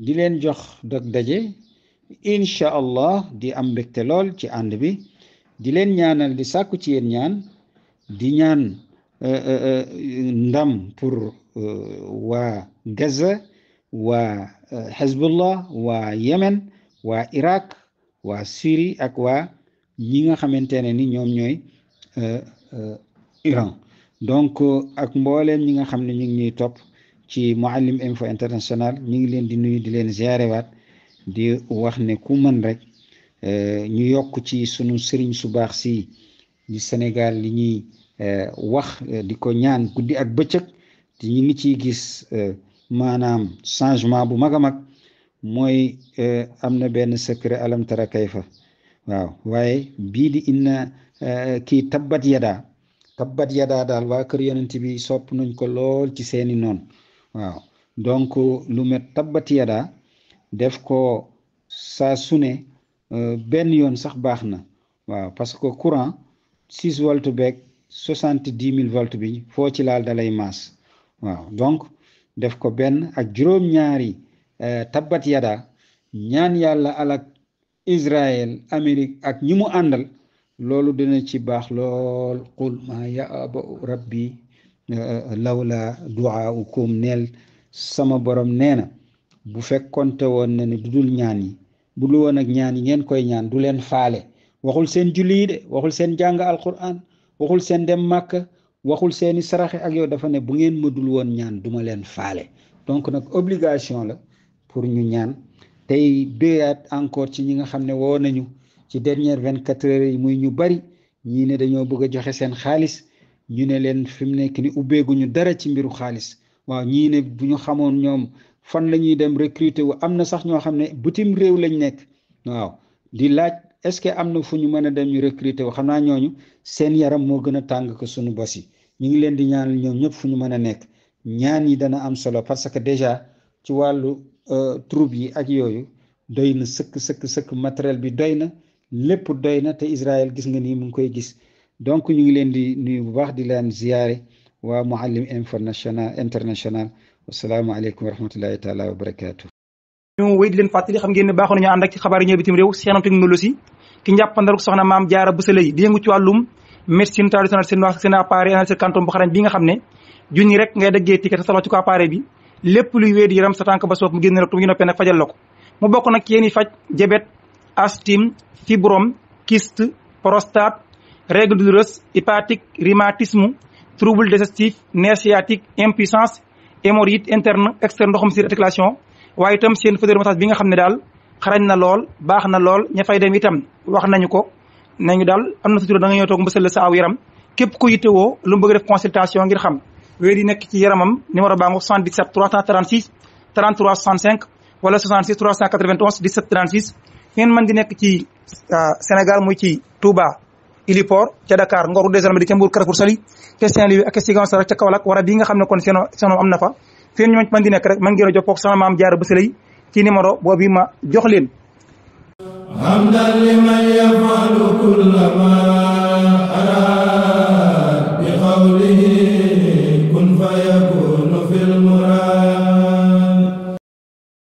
C: di leen jox dog daje incha allah di am mbégte lool ci ànd bi di leen ñaanal di sàkku ci yéen ñaan di ñaan euh, euh, euh, ndam pour waa Gaza waa Hezbollah waa Yemen waa Irak waa Syrie ak waa ñi nga xamante ne ni ñoom ñooy euh, euh, Iran donc ak mbooleem ñi nga xam ne ñu ngi ñuy topp ci Mouhalim Info International ñu ngi leen di nuyu di leen ziarewaat di wax ne ku mën rek euh, ñu yokk ci sunu sëriñ su baax si di Sénégal li ñuy wax di ko ñaan guddi ak bëccëg te ñu ngi ciy gis maanaam changement bu mag a mag mooy eh, am na benn secret alam tara kayfa waaw waaye bii di inna eh, kii tabbat yadaa tabbat yadaa daal waa kër yonent bi sopp nañ ko lool ci seeni noon waaw donc lu met tabbat yadaa def ko saa ne eh, benn yoon sax baax na waaw parce que courant six volt beeg soixante dix mille volt bi foo ci laal dalay maas waaw donc def ko benn ak juróom-ñaari Eh, tabbat yada ñaan yàlla alak Israël Amérique ak ñi mu àndal loolu dina ci baax lool qul ma yaaba rabbi eh, lawla kom neel sama borom nee na bu fekkonte woon na ne du dul ñaan yi bu dul woon ak ñaan yi ngeen koy ñaan du leen faale waxul seen julli yi de waxul seen jàng alquran waxul seen dem màkk waxul seeni saraxe ak yow dafa ne bu ngeen ma dul woon ñaan duma leen faale donc nag obligation la pour ñu ñaan tey béyaat encore ci ñi nga xam ne woo nañu ci dernière vingt quatre heures yi muy ñu bari ñii ne dañoo bëgg a joxe seen xaalis ñu ne leen fi mu nekk ni ubbeeguñu dara ci mbiru xaalis waaw ñii ne bu ñu xamoon ñoom fan la ñuy dem recruter wu am na sax ñoo xam ne bitim réew lañ nekk waaw di laaj est-ce que am na fu ñu mën a dem ñu recruter wu xam naa ñooñu seen yaram moo gën a tàng ko suñu bos yi ñu ngi leen di ñaanal ñoom ñëpp fu ñu mën a nekk Euh, troupe yi ak yooyu doy na sëkk sëkk sëkk matériel bi doy na lépp doy na te Israël gis nga nii mu ngi koy gis donc ñu ngi leen di nuyu bu baax di leen ziyaare waa Mouhalim Info International wasalaamaaleykum wa rahmatullahi taala wa barakaatu.
B: ñu wéy di leen fàttali xam ngeen ne baaxoon nañu ànd ak ci xabaar yi ñëw bitim réew seen technologie ki jaara bu di yëngu ci wàllum médecine traditionnelle seen waa seen appareil analyse xarañ bi nga xam ne junni rek ngay déggee ticket te solo ci ko appareil bi lépp luy wéet yaram sa tànk ba soof mu génn la tu ñu noppee nag fajal la ko mu bokk nag yéen i faj jabet asthme fibrome kyste prostate règle douloureuse hépatique rhumatisme trouble digestif nerf sciatique impuissance hémorroïde interne externe ndoxum si articulation waaye itam seen fauteuil massage bi nga xam ne daal xarañ na lool baax na lool ña fay dem itam wax nañu ko nañu daal am na sutura da nga ñëw toog mbësal yaram képp ku yittewoo lu mu bëgg def consultation ngir xam weer yi nekk ci yaramam numéro baa ngo 77 336 33 65 wala 66 391 17 36 fi ngeen mën di nekk ci euh, Sénégal muy ci Touba Iliport ca Dakar Ngor route des Almadies ca Mbour Carrefour Saly ca Saint-Louis ak ca Ziguinchor ak ca Kaolack wala bii nga xam ne kon seen am na fa fi rek mën ngeen a jokkoo ak sama maam Jaara Buso ci numéro boobu ma jox leen hamdan liman yafalu